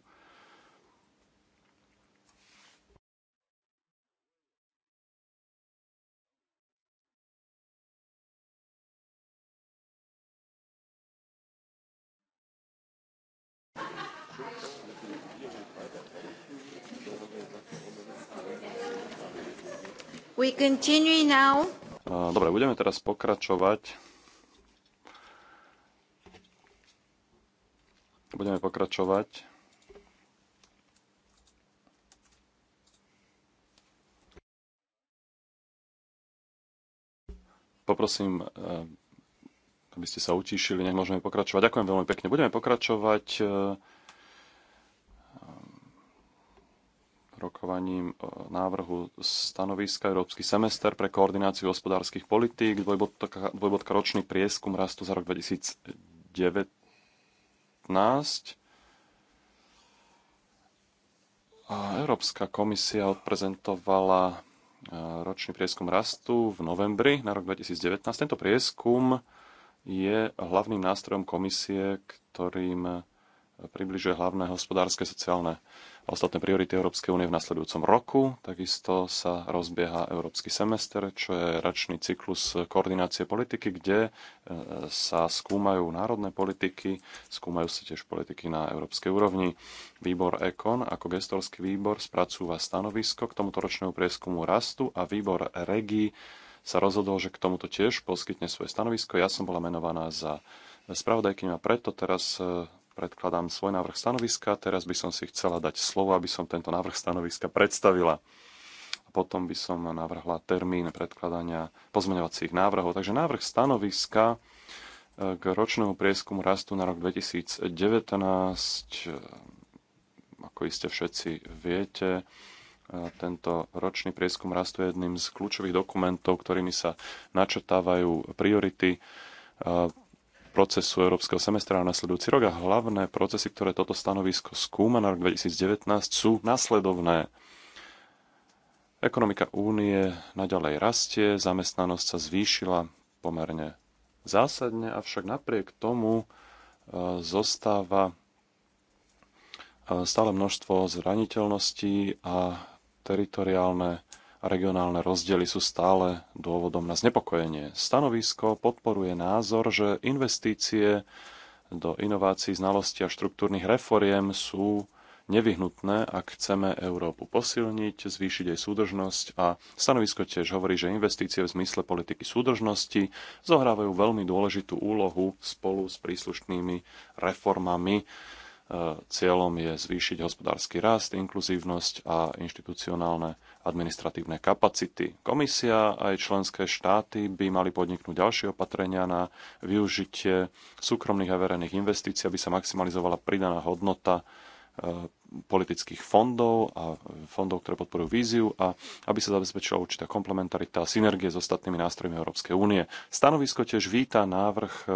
We continue now. Dobre, budeme teraz pokračovať Budeme pokračovať. Poprosím, eh, aby ste sa utíšili, nech môžeme pokračovať. Ďakujem veľmi pekne. Budeme pokračovať eh, eh, rokovaním návrhu stanoviska Európsky semester pre koordináciu hospodárskych politík, dvojbodka, dvojbodka ročný prieskum rastu za rok 2009. 15. Európska komisia odprezentovala e, ročný prieskum rastu v novembri na rok 2019. Tento prieskum je hlavným nástrojom komisie, ktorým približuje hlavné hospodárske, sociálne ostatné priority Európskej únie v nasledujúcom roku. Takisto sa rozbieha Európsky semester, čo je račný cyklus koordinácie politiky, kde e, sa skúmajú národné politiky, skúmajú sa tiež politiky na európskej úrovni. Výbor EKON ako gestorský výbor spracúva stanovisko k tomuto ročnému prieskumu rastu a výbor REGI sa rozhodol, že k tomuto tiež poskytne svoje stanovisko. Ja som bola menovaná za spravodajkyňu a preto teraz e, predkladám svoj návrh stanoviska. Teraz by som si chcela dať slovo, aby som tento návrh stanoviska predstavila. A potom by som navrhla termín predkladania pozmeňovacích návrhov. Takže návrh stanoviska e, k ročnému prieskumu rastu na rok 2019, e, ako iste všetci viete, e, tento ročný prieskum rastu je jedným z kľúčových dokumentov, ktorými sa načrtávajú priority procesu Európskeho semestra na nasledujúci rok a hlavné procesy, ktoré toto stanovisko skúma na rok 2019 sú nasledovné. Ekonomika únie naďalej rastie, zamestnanosť sa zvýšila pomerne zásadne, avšak napriek tomu e, zostáva e, stále množstvo zraniteľností a teritoriálne a regionálne rozdiely sú stále dôvodom na znepokojenie. Stanovisko podporuje názor, že investície do inovácií, znalosti a štruktúrnych reforiem sú nevyhnutné, ak chceme Európu posilniť, zvýšiť jej súdržnosť a stanovisko tiež hovorí, že investície v zmysle politiky súdržnosti zohrávajú veľmi dôležitú úlohu spolu s príslušnými reformami e, Cieľom je zvýšiť hospodársky rast, inkluzívnosť a inštitucionálne administratívne kapacity. Komisia aj členské štáty by mali podniknúť ďalšie opatrenia na využitie súkromných a verejných investícií, aby sa maximalizovala pridaná hodnota e, politických fondov a fondov, ktoré podporujú víziu a aby sa zabezpečila určitá komplementarita a synergie s ostatnými nástrojmi Európskej únie. Stanovisko tiež víta návrh e,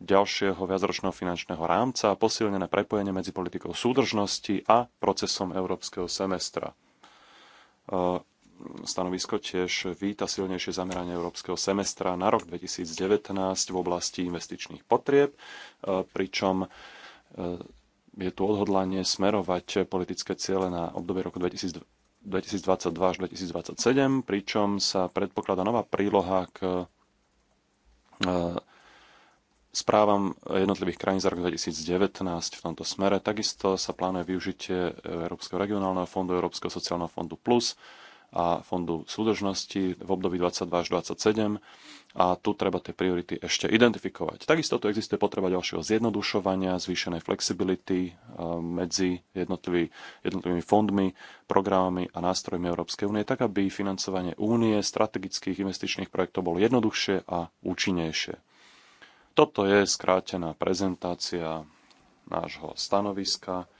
ďalšieho viacročného finančného rámca a posilnené prepojenie medzi politikou súdržnosti a procesom európskeho semestra. E, stanovisko tiež víta silnejšie zameranie európskeho semestra na rok 2019 v oblasti investičných potrieb, e, pričom e, je tu odhodlanie smerovať politické ciele na obdobie roku 2022 až 2027, pričom sa predpokladá nová príloha k správam jednotlivých krajín za rok 2019 v tomto smere. Takisto sa plánuje využitie Európskeho regionálneho fondu, Európskeho sociálneho fondu Plus a fondu súdržnosti v období 22 až 27 a tu treba tie priority ešte identifikovať. Takisto tu existuje potreba ďalšieho zjednodušovania, zvýšenej flexibility eh, medzi jednotlivý, jednotlivými fondmi, programami a nástrojmi Európskej únie, tak aby financovanie únie strategických investičných projektov bolo jednoduchšie a účinnejšie. Toto je skrátená prezentácia nášho stanoviska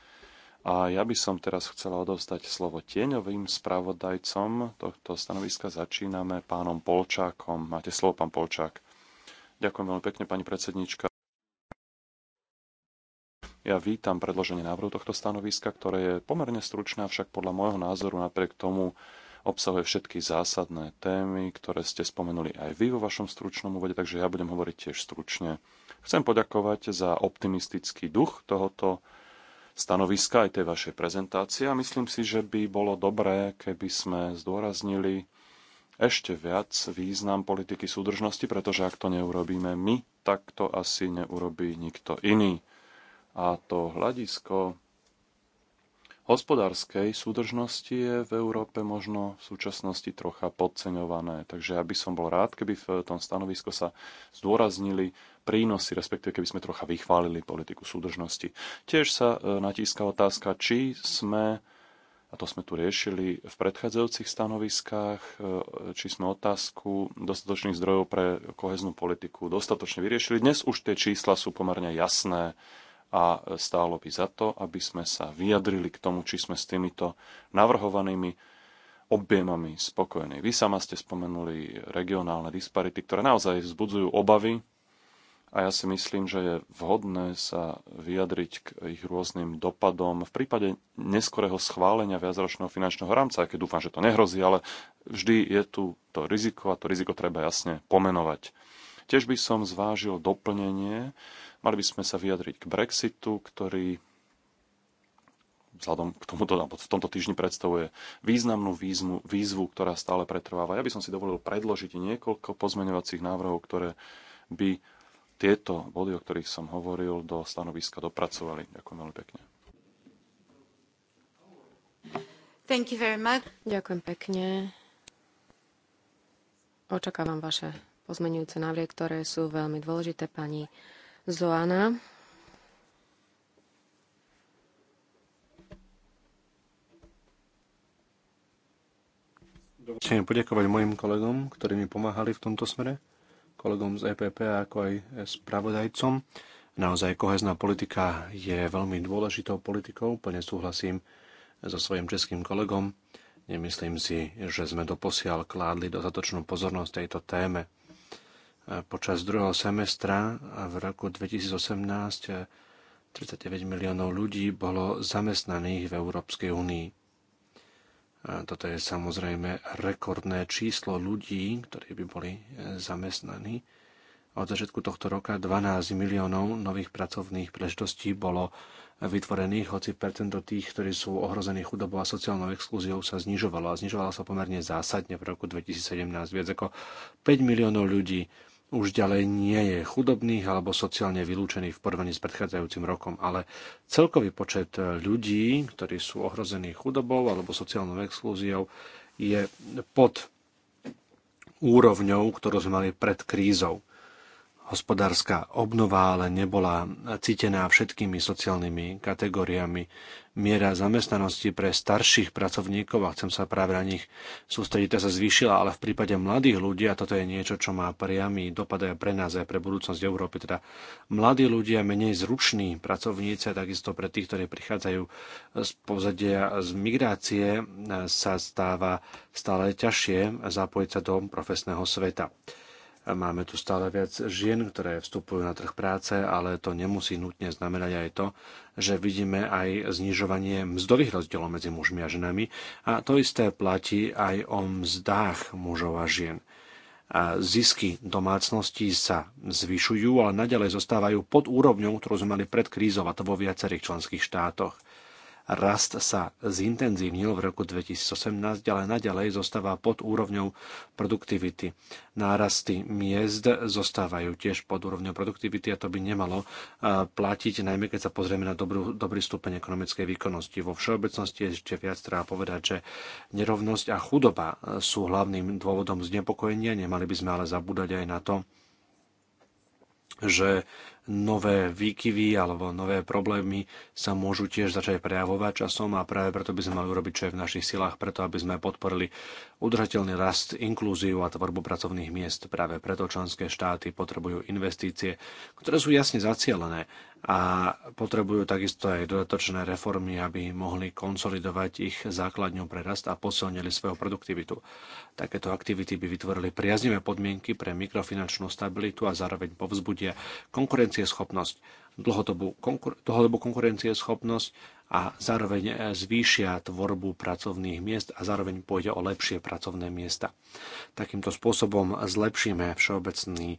a ja by som teraz chcela odovzdať slovo tieňovým spravodajcom tohto stanoviska. Začíname pánom Polčákom. Máte slovo, pán Polčák. Ďakujem veľmi pekne, pani predsednička. Ja vítam predloženie návrhu tohto stanoviska, ktoré je pomerne stručné, avšak podľa môjho názoru napriek tomu obsahuje všetky zásadné témy, ktoré ste spomenuli aj vy vo vašom stručnom úvode, takže ja budem hovoriť tiež stručne. Chcem poďakovať za optimistický duch tohoto stanoviska aj tej vašej prezentácie a myslím si, že by bolo dobré, keby sme zdôraznili ešte viac význam politiky súdržnosti, pretože ak to neurobíme my, tak to asi neurobí nikto iný. A to hľadisko hospodárskej súdržnosti je v Európe možno v súčasnosti trocha podceňované. Takže ja by som bol rád, keby v tom stanovisko sa zdôraznili prínosy, respektíve keby sme trocha vychválili politiku súdržnosti. Tiež sa e, natíska otázka, či sme, a to sme tu riešili v predchádzajúcich stanoviskách, e, či sme otázku dostatočných zdrojov pre koheznú politiku dostatočne vyriešili. Dnes už tie čísla sú pomerne jasné a stálo by za to, aby sme sa vyjadrili k tomu, či sme s týmito navrhovanými objemami spokojní. Vy sama ste spomenuli regionálne disparity, ktoré naozaj vzbudzujú obavy a ja si myslím, že je vhodné sa vyjadriť k ich rôznym dopadom v prípade neskorého schválenia viacročného finančného rámca, aj keď dúfam, že to nehrozí, ale vždy je tu to riziko a to riziko treba jasne pomenovať. Tiež by som zvážil doplnenie Mali by sme sa vyjadriť k Brexitu, ktorý vzhľadom k tomuto, v tomto týždni predstavuje významnú výzvu, výzvu, ktorá stále pretrváva. Ja by som si dovolil predložiť niekoľko pozmeňovacích návrhov, ktoré by tieto body, o ktorých som hovoril, do stanoviska dopracovali. Ďakujem veľmi pekne. Thank you very much. Ďakujem pekne. Očakávam vaše pozmenujúce návrhy, ktoré sú veľmi dôležité, pani Zoana. Chcem poďakovať mojim kolegom, ktorí mi pomáhali v tomto smere, kolegom z EPP ako aj spravodajcom. Naozaj kohezná politika je veľmi dôležitou politikou, plne súhlasím so svojim českým kolegom. Nemyslím si, že sme doposiaľ kládli dostatočnú pozornosť tejto téme počas druhého semestra v roku 2018 39 eh, miliónov ľudí bolo zamestnaných v Európskej únii. Eh, toto je samozrejme rekordné číslo ľudí, ktorí by boli eh, zamestnaní. Od začiatku tohto roka 12 miliónov nových pracovných príležitostí bolo vytvorených, hoci percento tých, ktorí sú ohrození chudobou a sociálnou exklúziou sa znižovalo a znižovalo sa pomerne zásadne v roku 2017 viac ako 5 miliónov ľudí už ďalej nie je chudobných alebo sociálne vylúčených v porovnaní s predchádzajúcim rokom, ale celkový počet ľudí, ktorí sú ohrození chudobou alebo sociálnou exklúziou, je pod úrovňou, ktorú sme mali pred krízou. Hospodárska obnova ale nebola cítená všetkými sociálnymi kategóriami. Miera zamestnanosti pre starších pracovníkov, a chcem sa práve na nich sústrediť, sa zvýšila, ale v prípade mladých ľudí, a toto je niečo, čo má priamy dopad aj pre nás, aj pre budúcnosť Európy, teda mladí ľudia, menej zruční pracovníci, a takisto pre tých, ktorí prichádzajú z pozadia z migrácie, sa stáva stále ťažšie zapojiť sa do profesného sveta. Máme tu stále viac žien, ktoré vstupujú na trh práce, ale to nemusí nutne znamenať aj to, že vidíme aj znižovanie mzdových rozdielov medzi mužmi a ženami a to isté platí aj o mzdách mužov a žien. A zisky domácností sa zvyšujú, ale naďalej zostávajú pod úrovňou, ktorú sme mali pred krízou, a to vo viacerých členských štátoch. Rast sa zintenzívnil v roku 2018, ale naďalej zostáva pod úrovňou produktivity. Nárasty miest zostávajú tiež pod úrovňou produktivity a to by nemalo e, platiť, najmä keď sa pozrieme na dobrú, dobrý stupeň ekonomickej výkonnosti. Vo všeobecnosti ešte viac treba povedať, že nerovnosť a chudoba e, sú hlavným dôvodom znepokojenia. Nemali by sme ale zabúdať aj na to, že nové výkyvy alebo nové problémy sa môžu tiež začať prejavovať časom a práve preto by sme mali urobiť, čo je v našich silách, preto aby sme podporili udržateľný rast, inklúziu a tvorbu pracovných miest. Práve preto členské štáty potrebujú investície, ktoré sú jasne zacielené a potrebujú takisto aj dodatočné reformy, aby mohli konsolidovať ich základňu pre rast a posilnili svoju produktivitu. Takéto aktivity by vytvorili priaznivé podmienky pre mikrofinančnú stabilitu a zároveň povzbudia konkurenciu konkurencieschopnosť, dlhodobú, konkur- dlhodobú konkurencieschopnosť a zároveň e, zvýšia tvorbu pracovných miest a zároveň pôjde o lepšie pracovné miesta. Takýmto spôsobom zlepšíme všeobecný e,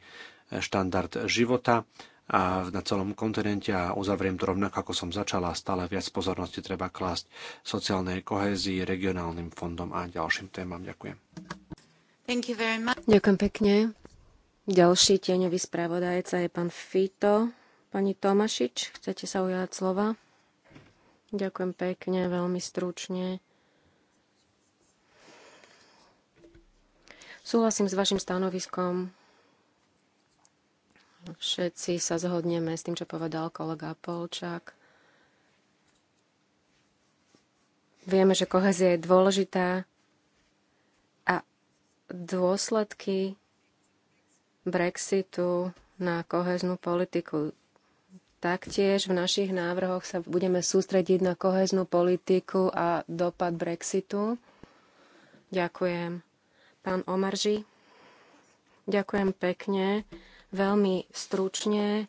štandard života a na celom kontinente a uzavriem to rovnako, ako som začala, stále viac pozornosti treba klásť sociálnej kohézii, regionálnym fondom a ďalším témam. Ďakujem. Ďakujem pekne. Ďalší tieňový spravodajca je pán Fito. Pani Tomašič, chcete sa ujať slova? Ďakujem pekne, veľmi stručne. Súhlasím s vašim stanoviskom. Všetci sa zhodneme s tým, čo povedal kolega Polčák. Vieme, že kohezia je dôležitá a dôsledky Brexitu na koheznú politiku. Taktiež v našich návrhoch sa budeme sústrediť na koheznú politiku a dopad Brexitu. Ďakujem. Pán Omarži, ďakujem pekne. Veľmi stručne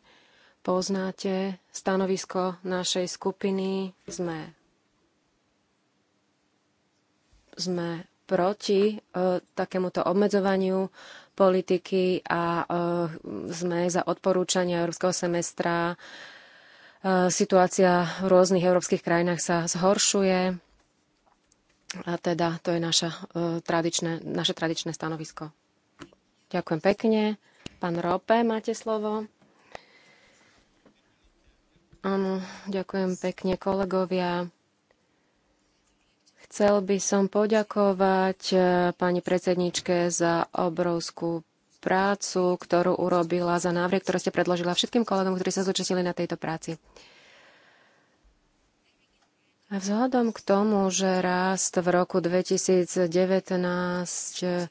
poznáte stanovisko našej skupiny. Sme, sme proti e, takémuto obmedzovaniu politiky a e, sme za odporúčania Európskeho semestra. E, situácia v rôznych európskych krajinách sa zhoršuje. A teda to je naša, e, tradičné, naše tradičné stanovisko. Ďakujem pekne. Pán Rope, máte slovo. Áno, ďakujem pekne kolegovia. Chcel by som poďakovať e, pani predsedničke za obrovskú prácu, ktorú urobila, za návrh, ktoré ste predložila všetkým kolegom, ktorí sa zúčastnili na tejto práci. A vzhľadom k tomu, že rast v roku 2019 e,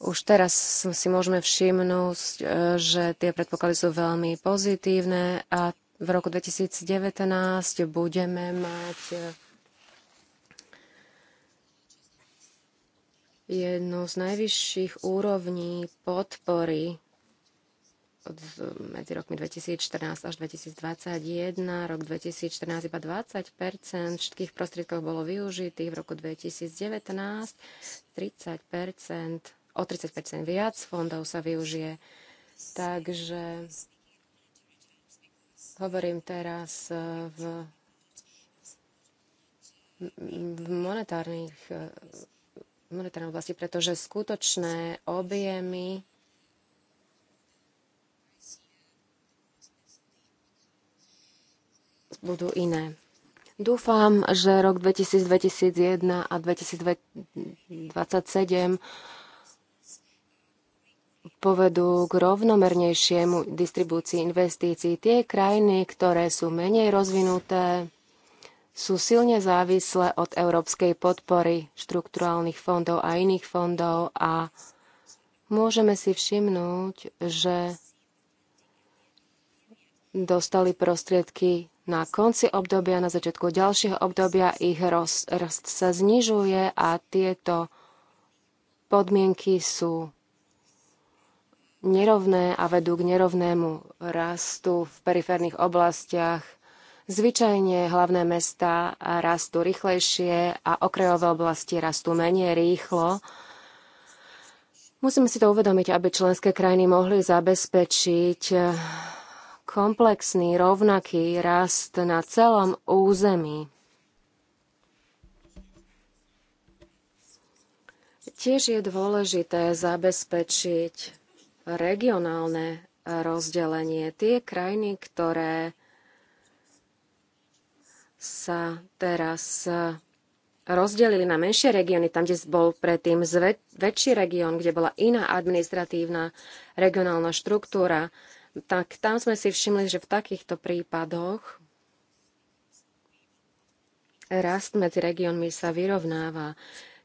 už teraz si môžeme všimnúť, e, že tie predpoklady sú veľmi pozitívne a v roku 2019 budeme mať jednu z najvyšších úrovní podpory od, medzi rokmi 2014 až 2021. Rok 2014 iba 20 všetkých prostriedkov bolo využitých, v roku 2019 30 o 30 viac fondov sa využije. Takže hovorím teraz e, v, v monetárnych e, monetárnej oblasti, pretože skutočné objemy budú iné. Dúfam, že rok 2000, 2001 a 2027 povedú k rovnomernejšiemu distribúcii investícií. Tie krajiny, ktoré sú menej rozvinuté, sú silne závislé od európskej podpory štrukturálnych fondov a iných fondov a môžeme si všimnúť, že dostali prostriedky na konci obdobia, na začiatku ďalšieho obdobia ich rost, rost sa znižuje a tieto podmienky sú nerovné a vedú k nerovnému rastu v periférnych oblastiach Zvyčajne hlavné mesta rastú rýchlejšie a okrajové oblasti rastú menej rýchlo. Musíme si to uvedomiť, aby členské krajiny mohli zabezpečiť komplexný, rovnaký rast na celom území. Tiež je dôležité zabezpečiť regionálne rozdelenie. Tie krajiny, ktoré sa teraz e, rozdelili na menšie regióny, tam, kde bol predtým zve, väčší región, kde bola iná administratívna regionálna štruktúra, tak tam sme si všimli, že v takýchto prípadoch rast medzi regiónmi sa vyrovnáva.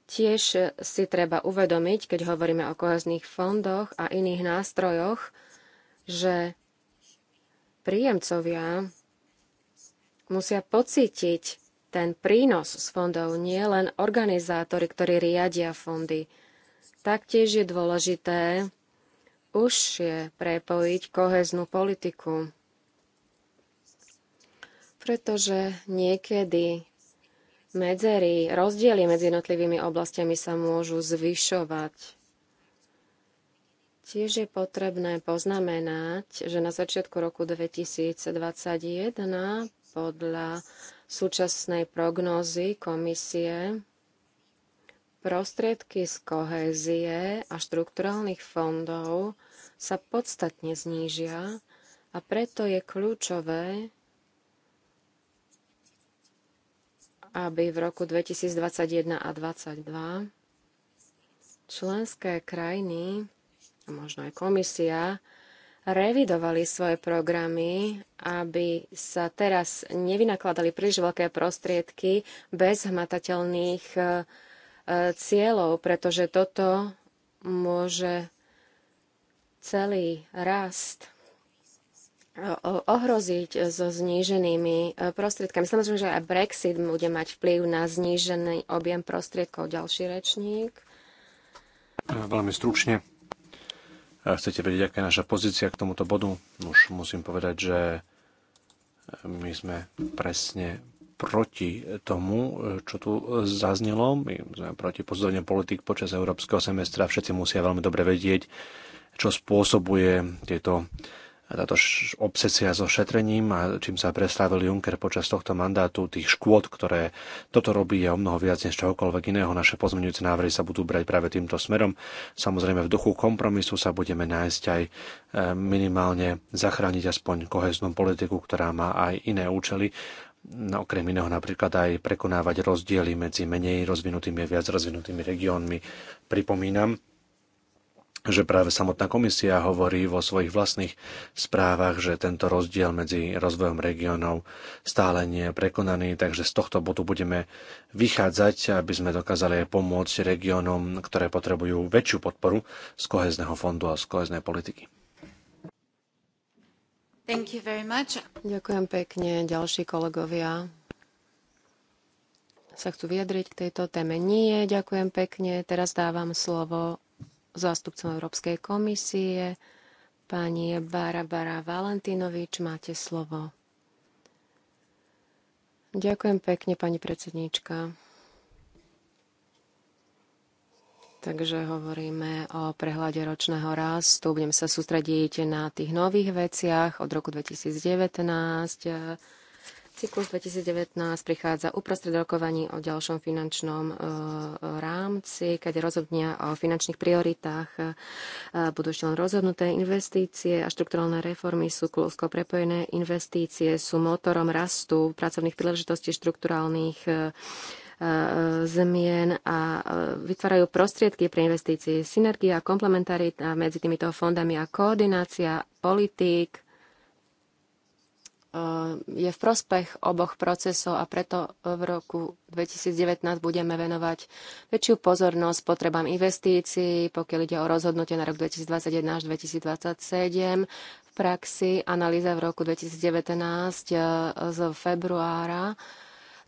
Tiež si treba uvedomiť, keď hovoríme o kohezných fondoch a iných nástrojoch, že príjemcovia musia pocítiť ten prínos z fondov, nie len organizátori, ktorí riadia fondy. Taktiež je dôležité užšie prepojiť koheznú politiku, pretože niekedy medzery, rozdiely medzi jednotlivými oblastiami sa môžu zvyšovať. Tiež je potrebné poznamenať, že na začiatku roku 2021 podľa súčasnej prognózy komisie prostriedky z kohézie a štrukturálnych fondov sa podstatne znížia a preto je kľúčové, aby v roku 2021 a 2022 členské krajiny a možno aj komisia revidovali svoje programy, aby sa teraz nevynakladali príliš veľké prostriedky bez hmatateľných e, cieľov, pretože toto môže celý rast e, ohroziť so zníženými e, prostriedkami. Samozrejme, že aj Brexit bude mať vplyv na znížený objem prostriedkov. Ďalší rečník. Veľmi stručne. Chcete vedieť, aká je naša pozícia k tomuto bodu? Už musím povedať, že my sme presne proti tomu, čo tu zaznelo. My sme proti pozdorne politik počas európskeho semestra. Všetci musia veľmi dobre vedieť, čo spôsobuje tieto táto obsesia so šetrením a čím sa preslávil Juncker počas tohto mandátu, tých škôd, ktoré toto robí, je o mnoho viac než čohokoľvek iného. Naše pozmeňujúce návrhy sa budú brať práve týmto smerom. Samozrejme, v duchu kompromisu sa budeme nájsť aj e, minimálne zachrániť aspoň koheznú politiku, ktorá má aj iné účely, No, okrem iného napríklad aj prekonávať rozdiely medzi menej rozvinutými a viac rozvinutými regiónmi. Pripomínam, že práve samotná komisia hovorí vo svojich vlastných správach, že tento rozdiel medzi rozvojom regiónov stále nie je prekonaný, takže z tohto bodu budeme vychádzať, aby sme dokázali aj pomôcť regiónom, ktoré potrebujú väčšiu podporu z kohezného fondu a z koheznej politiky. Thank you very much. Ďakujem pekne. Ďalší kolegovia sa chcú vyjadriť k tejto téme. Nie, ďakujem pekne. Teraz dávam slovo zástupcom Európskej komisie, pani Barabara Valentinovič. Máte slovo. Ďakujem pekne, pani predsednička. Takže hovoríme o prehľade ročného rastu. Budem sa sústrediť na tých nových veciach od roku 2019 Cyklus 2019 prichádza uprostred rokovaní o ďalšom finančnom e, rámci, keď rozhodnia o finančných prioritách. E, budú ešte len rozhodnuté investície a štrukturálne reformy sú kľúsko prepojené. Investície sú motorom rastu pracovných príležitostí štrukturálnych e, zmien a vytvárajú prostriedky pre investície. Synergia, komplementarita medzi týmito fondami a koordinácia politík Eh, je v prospech oboch procesov a preto v roku 2019 budeme venovať väčšiu pozornosť potrebám investícií, pokiaľ ide o rozhodnutie na rok 2021 až 2027 v praxi, analýza v roku 2019 eh, z februára.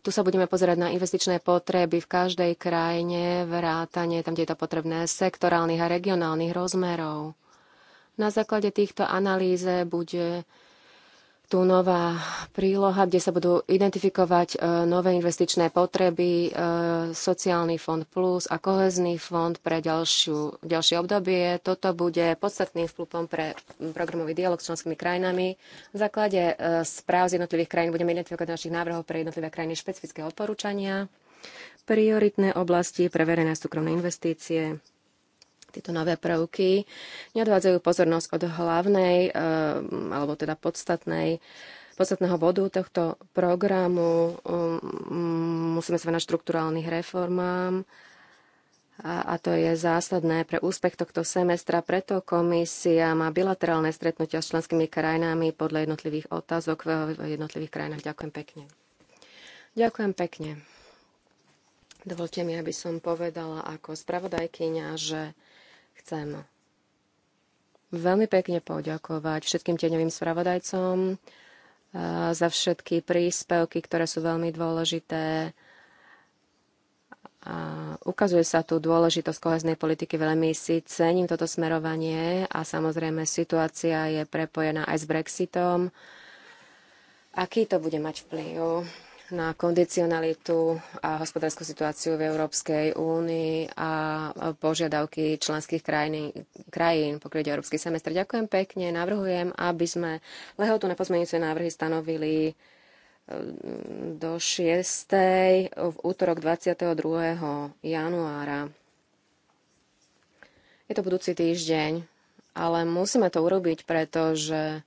Tu sa budeme pozerať na investičné potreby v každej krajine, vrátanie tam, kde je to potrebné, sektorálnych a regionálnych rozmerov. Na základe týchto analýze bude tu nová príloha, kde sa budú identifikovať e, nové investičné potreby, e, sociálny fond plus a kohezný fond pre ďalšiu, ďalšie obdobie. Toto bude podstatným vplupom pre programový dialog s členskými krajinami. V základe e, správ z jednotlivých krajín budeme identifikovať našich návrhov pre jednotlivé krajiny špecifické odporúčania, prioritné oblasti pre verejné súkromné investície, tieto nové prvky neodvádzajú pozornosť od hlavnej, eh, alebo teda podstatnej podstatného bodu tohto programu. Mm, musíme sa venať štruktúrálnych reformám a to je zásadné pre úspech tohto semestra. Preto komisia má bilaterálne stretnutia s členskými krajinami podľa jednotlivých otázok v jednotlivých krajinách. Ďakujem pekne. Ďakujem pekne. Dovolte mi, aby som povedala ako spravodajkyňa, že Chcem veľmi pekne poďakovať všetkým tieňovým spravodajcom eh, za všetky príspevky, ktoré sú veľmi dôležité. A ukazuje sa tu dôležitosť koheznej politiky veľmi si cením toto smerovanie a samozrejme situácia je prepojená aj s Brexitom. Aký to bude mať vplyv? na kondicionalitu a hospodárskú situáciu v Európskej únii a požiadavky členských krajín, krajín pokryť Európsky semestr. Ďakujem pekne. Navrhujem, aby sme lehotu na pozmeňujúce návrhy stanovili mm, do 6. v útorok 22. januára. Je to budúci týždeň, ale musíme to urobiť, pretože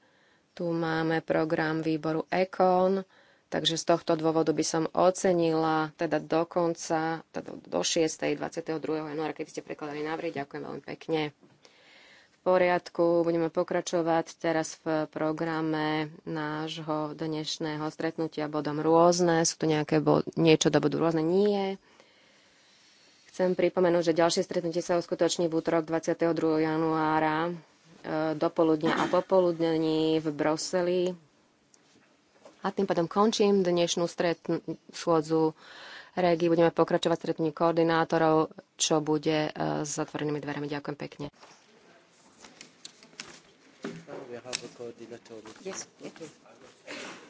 tu máme program výboru EKON, Takže z tohto dôvodu by som ocenila teda do konca, teda do 6. 22. januára, keby ste prekladali návrhy. Ďakujem veľmi pekne. V poriadku, budeme pokračovať teraz v programe nášho dnešného stretnutia bodom rôzne. Sú tu nejaké bod, niečo do bodu rôzne? Nie. Chcem pripomenúť, že ďalšie stretnutie sa uskutoční v útorok 22. januára e, dopoludňa a popoludnení v Bruseli a tým pádom končím dnešnú stretn- schôdzu regi. Budeme pokračovať stretnutí koordinátorov, čo bude e, s zatvorenými dverami. Ďakujem pekne. Yes,